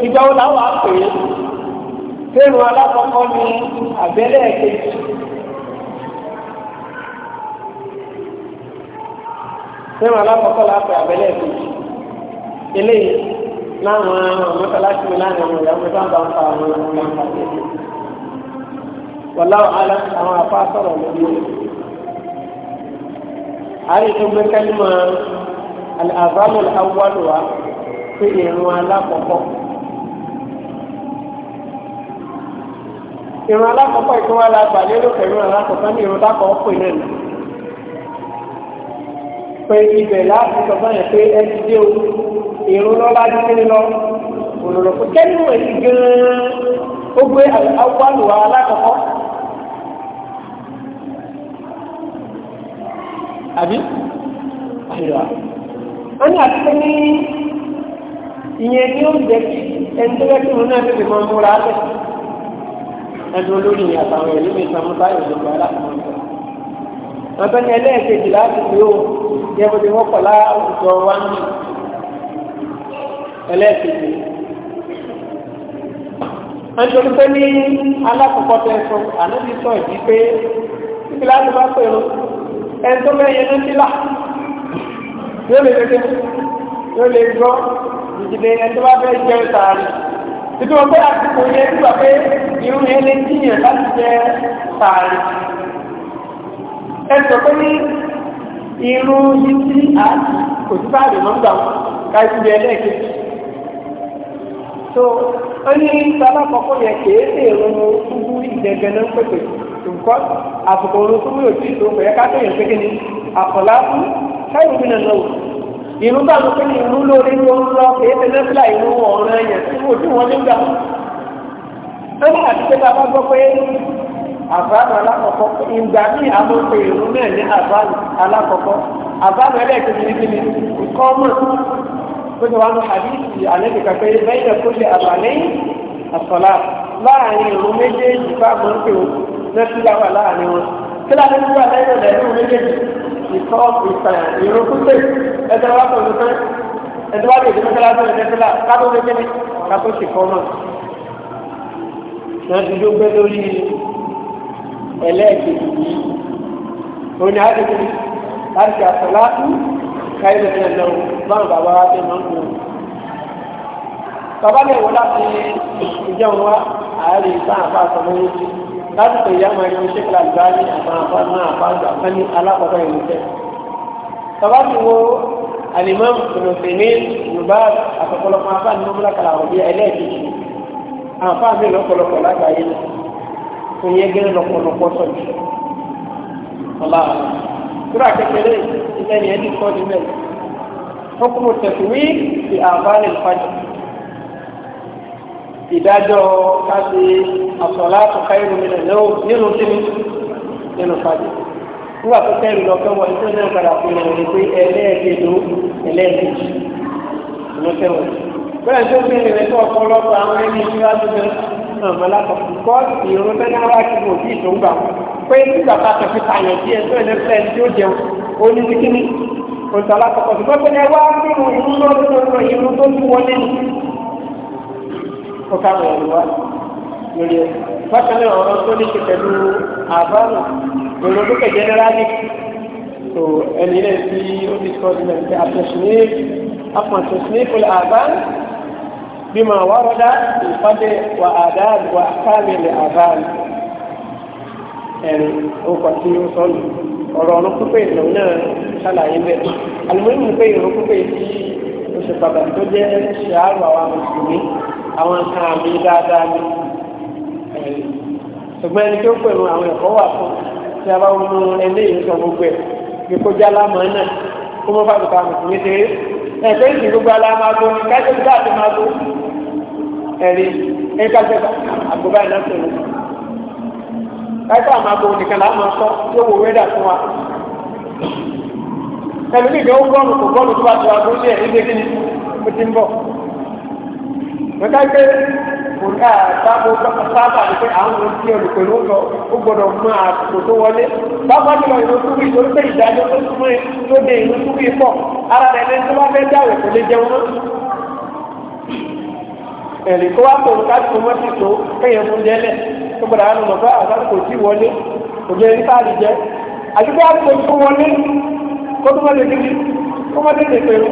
ìgbà wo làwọn á pè é fẹ́rù alákọ̀ọ́kọ́ ni àbẹ́lẹ̀ kejì fẹ́rù alákọ̀ọ́kọ́ láti àbẹ́lẹ̀ kejì eléyìí láwọn mọ́sálásí mi láàrin àwọn ìyàwó tó ń bá ń fa àwọn ọmọ ìyàwó àti wàláwọ̀ alá àwọn afá sọ̀rọ̀ lórí o. àárín tó gbé kẹ́límọ̀ àbámu awọ́lù wa sí ìrún alákọ̀ọ́kọ́. ìrún alákọ̀ọ́kọ́ ìtura la gbà lérò pẹ̀lú alákọ̀ọ́kọ́ ní ìrún dákọ̀ọ́ pè náà pé ibẹ̀ láti sọ fún yẹn pé ẹ ti dé o èrò lọ bá ti kéde lọ òlòlò kò kẹ́nu èyí gan-an ó gbé awúwálùwà alákọ̀ọ́kọ́ àbí àyà wọ́n ní àti ní ìyẹn ní ó jẹ́ kí ẹni tó bẹ́ kí wọn náà tètè mọ́ múra lẹ̀ ẹni olórí àtàwọn ẹ̀lú mi sàmúta ìlú alákọ̀ọ́kọ́ ọ̀tọ́ ní ẹlẹ́ẹ̀kejì láti fi ó yẹ bó ti wọ́pọ̀ láwùjọ wa ń mì ẹlẹ́ẹ̀kejì. ẹnìtọ́ni pé ní alákọ̀ọ́kọ́ tẹ sọ ànábi sọ ìdí pé níbi láti bá pè ló ẹni tó bẹ́ẹ̀ yẹn ní sílà yóò lè tètè yóò lè gbọ́ ìdílé ẹni tó bá fẹ́ jẹun sàárì títí wọn pé àsìkò yẹn nígbà pé irú yẹn lè tíyàn láti jẹ sàárì ẹ̀sọ̀ pé ní irú yìí tí a kò sí báàdì nọ́mbà káyọ̀ bí ẹlẹ́ẹ̀kejì so ó ní sábà kọ́kọ́ yẹ kèé sí èrò fúgbú ìdẹ̀gẹ̀ náà pẹ̀pẹ̀ nǹkan àsìkò orun fúgbú yóò tí ìṣòro pẹ̀yẹ káṣẹ́ yẹn pẹ́kẹ́ ni àkọ́lá fún káyọ̀ bí nà lọ́wọ́ ìlú bá lọ pé ní ìlú lórí ló ń lọ kèé sí nẹ́fìlà ìlú ọ̀ràn yẹn tí mo dún wọn nígbà ó ní àti pé tá bá gbọ́ pé àfáàlù alákọ̀ọ́kọ́ ìgbà míì amọ̀pẹ̀ ìrún náà ní àfáàlù alákọ̀ọ́kọ́ àfáàlù ẹlẹ́ẹ̀kejì ní kíni ìkọ́mọ̀ tó ti wá ní àdìsí àlẹ́kẹ̀ kàfẹ́ bẹ́ẹ̀ kó lè àbàlẹ́yìn àsọ̀lá láàrin ìrún méjèèjì bá mọ̀pẹ̀ òkú lẹ́sílá wà láàrin wọn kí láti wúwà lẹ́yìn lẹ́yìn méjèèjì ìkọ́ ìtàn ìrún kúndé ẹ̀dẹ̀ wá pẹ̀lú tán ẹ̀dẹ̀ wá lè dé mọ́tàlá tó lẹ́sílá kátó lé kíni kátó sì kọ́ náà ẹlẹ́ẹ̀kejì yìí òun ni àdéhùn láti àfọlákù káyọ̀ náà lọ báwọn bàbá wa ṣe máa ń wò. bàbá náà wọ láti ìjọ wa àárẹ̀ ìbáà bá a sọmọ yẹn láti pè yá máa yan ṣékìlá ìgbà ní àwọn àbá náà àbá àgbà kan ní alákọ̀ọ́kọ́ ìlú tẹ̀. bàbá ti wo alimam tòlòfèmí lágbàáyé náà ìyẹn gẹ́gẹ́ lọ́pọ̀lọpọ̀ sọ̀tì ọ̀la kúrò àkẹ́kẹ́rẹ́ ilẹ̀ yẹn ti sọ́ọ́ nílẹ̀ fọ́kùnmù tẹ̀síwí ti àbálẹ̀ ìfàjì ìdájọ́ káṣí àsọ̀lá àtúnká ìlú nílẹ̀ nínú kíni nínú fàjì nígbà tó kẹ́rì lọ fẹ́ wọ́n tó náà padà fún ẹ̀rọ pé ẹlẹ́ẹ̀kejì ẹlẹ́ẹ̀kejì ló fẹ́ wọ́n. bẹ́ẹ̀ tó bẹ̀rẹ̀ rẹ̀ tó ọ̀pọ̀lọpọ̀ àwọn ẹni tí wọ́n á àmọ́ látọ̀kù kọ́ ìrún tẹ́lẹ̀ wá sí mo bí ìtòǹgbà pé nígbà tá a tẹ̀sí tààyàn díẹ̀ tó ẹ̀lẹ́ fẹ́ tí ó jẹun ó ní kíkíní òǹtà látọ̀kọ̀ ṣùgbọ́n tẹ́lẹ̀ wá nínú ìlú lọ́dún ìlú tó ti wọlé ní. ó káwọn ẹ̀rù wá lórí ẹ̀ bákan ọ̀rọ̀ tó ní ṣe pẹ̀lú àbárò olódókè jẹ́nẹ́rálì tó ẹni lẹ́yìn tí ó ti sọ بما ورد في القدر وآداب وأحكام الأذان يعني هو كثير صلى ọ̀rọ̀ ọ̀run pípé ìrùn náà ṣàlàyé bẹ́ẹ̀ alùmọ́nì ń pé ìrùn pípé tí oṣù pàtàkì tó jẹ́ ṣàárò àwọn mùsùlùmí àwọn nǹkan àmì dáadáa ni ṣùgbọ́n ẹni tó pè wọn àwọn ẹ̀kọ́ wà fún tí a bá wọn mú eléyìí sọ gbogbo ẹ̀ bí kó já lámọ̀ náà kó mọ́ bá bùkà mùsùlùmí ṣeré ẹ̀fẹ́ ìsìn gbogbo alámọ̀ àgbo ní kájọ́ ẹ̀rí ẹ̀kájẹ́ta àgbọ̀bá ìlànà ìlú. Ẹ̀ka àmà àgbò nìkan láàmú ọ̀sọ́ tí ó wò wẹ́dà fún wa. Ẹ̀mí nìkan ó gbọ́nù kò gbọ́nù tó bá tó wa gbóṣe ẹ̀rí dé kíni ó ti ń bọ̀. Mẹ́ta gbé kòtà sábò sábà ní pé àwọn ohun tí olùkọ́ ló lọ ó gbọ́dọ̀ mú àsìkò tó wọlé. ìlú ìdájọ́ tó ìlú ara ẹ̀rì kó wá kó káàkiri wọn ti tó kéèyàn fún jẹ́lẹ̀ tó gbọdọ̀ àwọn ọmọ àwọn kò tí wọlé kò jẹ́ ní káàdì jẹ́ àdúgbò àti ìfú wọlé kó tó wọlé gidi kó wọ́n tètè pẹ̀lú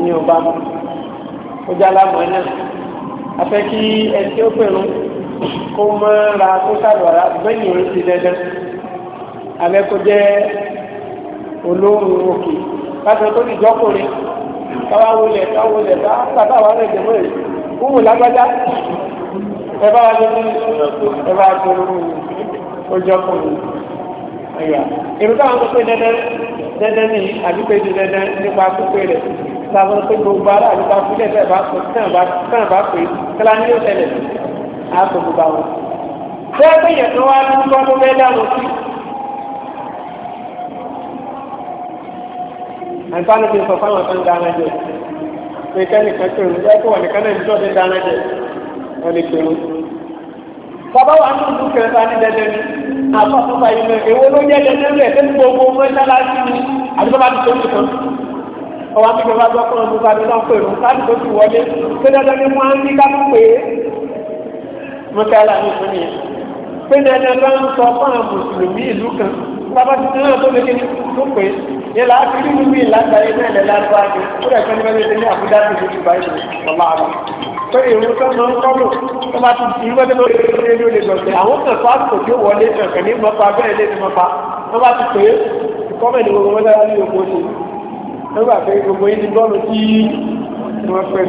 ìyẹn ò bá mọ́ ó jẹ́ alámọ̀ ẹ̀ náà afẹ́ kí ẹni tí ó pẹ̀lú kó mọ́ ra kó sàlùwàrà bẹ́yìn orí ti dẹ́dẹ́ alẹ́ kó jẹ́ olóòrùn òkè láti ọkọ̀ ìjọkùnrin káwá wọlé káwá wọlé káwá pàtàwárẹ̀ jẹ̀mọ́ èyí wúwo lágbájá ẹ bá wá lórí ẹ bá tó ojú ọkùnrin ẹ̀yà èrò táwọn tó pé dẹ́dẹ́ dẹ́dẹ́ ní àdúgbò ètò dẹ́dẹ́ nípa pípé rẹ̀ sábọ́n pé gbogbo ara àdúgbò àfúlẹ̀ bẹ́ẹ̀ bá pè tẹ́ẹ̀ bá pè kílá ní yóò tẹ̀lẹ̀ àpò gbogbo àwọn. fẹ́ dáhùn sí. tó ń dáná jẹ pé kẹ́nìkan tó ń jẹ́ kó wọ́n nìkan náà níjọ́ ti dáná jẹ wọ́n lè pèrò. bàbá wa ní ìlú kẹta ní dẹdẹ ni àfọ̀fọ̀fà yìí mẹ́ èwo ló yẹ dẹdẹ rẹ̀ tẹ́ ní gbogbo mọ́ṣáláṣí ni àdúgbò bá ti tó nìkan. ọwọ́ àti ìjọba gbọ́ pé ọdún bá ti náà pèrò láti tó ti wọlé pé dẹdẹ ni wọ́n á ní ká tó pè é. mọ́ṣálá ní ìfún yẹn pé dẹdẹ ló ń sọ fáwọn mùsùlùmí ìlú kan bàbá ti tó náà tó lé ní láti rí nínú ìlàgbàáyé náà lẹ́la tó a ní ó rẹ̀ sọ́ni bẹ́ẹ̀ ní àbújá tó ti ti báyìí lọ́la àná. pé èrò tó ń lọ kọ́lù tó bá ti ti wọ́n tó lè lè lè lè gbọ̀nsẹ̀ àwọn kan fún àpò tí ó wọlé kankan ní mọ́pa bẹ́ẹ̀ lé ní mọ́pa tó bá ti pè é kọ́mẹ̀ ní gbogbo mọ́tà ní gbogbo ṣe tó bá fẹ́ gbogbo yìí ní bọ́ọ̀lù tí wọ́n fẹ́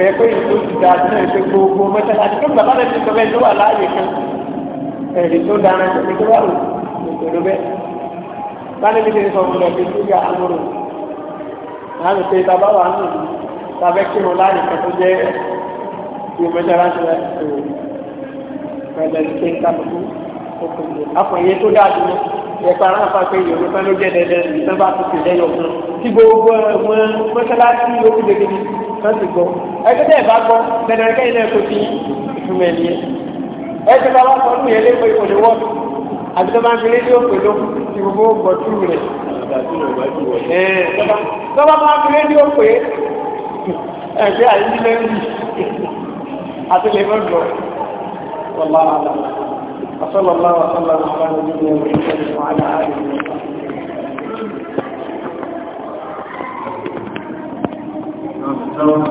ẹ̀yẹ pé ìlú ti dà sí ẹ̀ṣẹ̀ gbogbo mọ́tà àti pé bàbá rẹ̀ ti sọ bẹ́ẹ̀ tó wà láàyè kan ẹ̀rí tó dára ẹ̀rí tó wà lò báyìí níbi ní sọ̀rọ̀ lọ bí dúkìá amúrò láti pé tàbá wà nù tàbẹ́ kí wọn láàyè kan tó jẹ́ ìmọ̀járáṣí rẹ̀ pẹ̀lẹ́ ṣe ń kálukú okòwò àfọ̀yé tó dáa jù ẹ̀ka ara fa pé yorùbá fẹ́ ló jẹ́ dẹ́dẹ́ ìtàn bá tó ti lẹ́yọ̀ fún tí gbogbo ẹ̀wọ̀n mọ́ṣáláṣí yòókù gbẹgbẹ́ni wọ́n ti gbọ́ ẹgbẹ́ tẹ́ gbọ́ bẹ̀rẹ̀ kẹ́yìn náà àbí tó bá ń fi lédè ti gbogbo gbọ̀tú rẹ̀. tó bá máa fi lédè òpè ẹ̀jẹ̀ àyíjí lẹ́yìn àti lè mọ́ gbọ́. والله أعلم وصلى الله وسلم على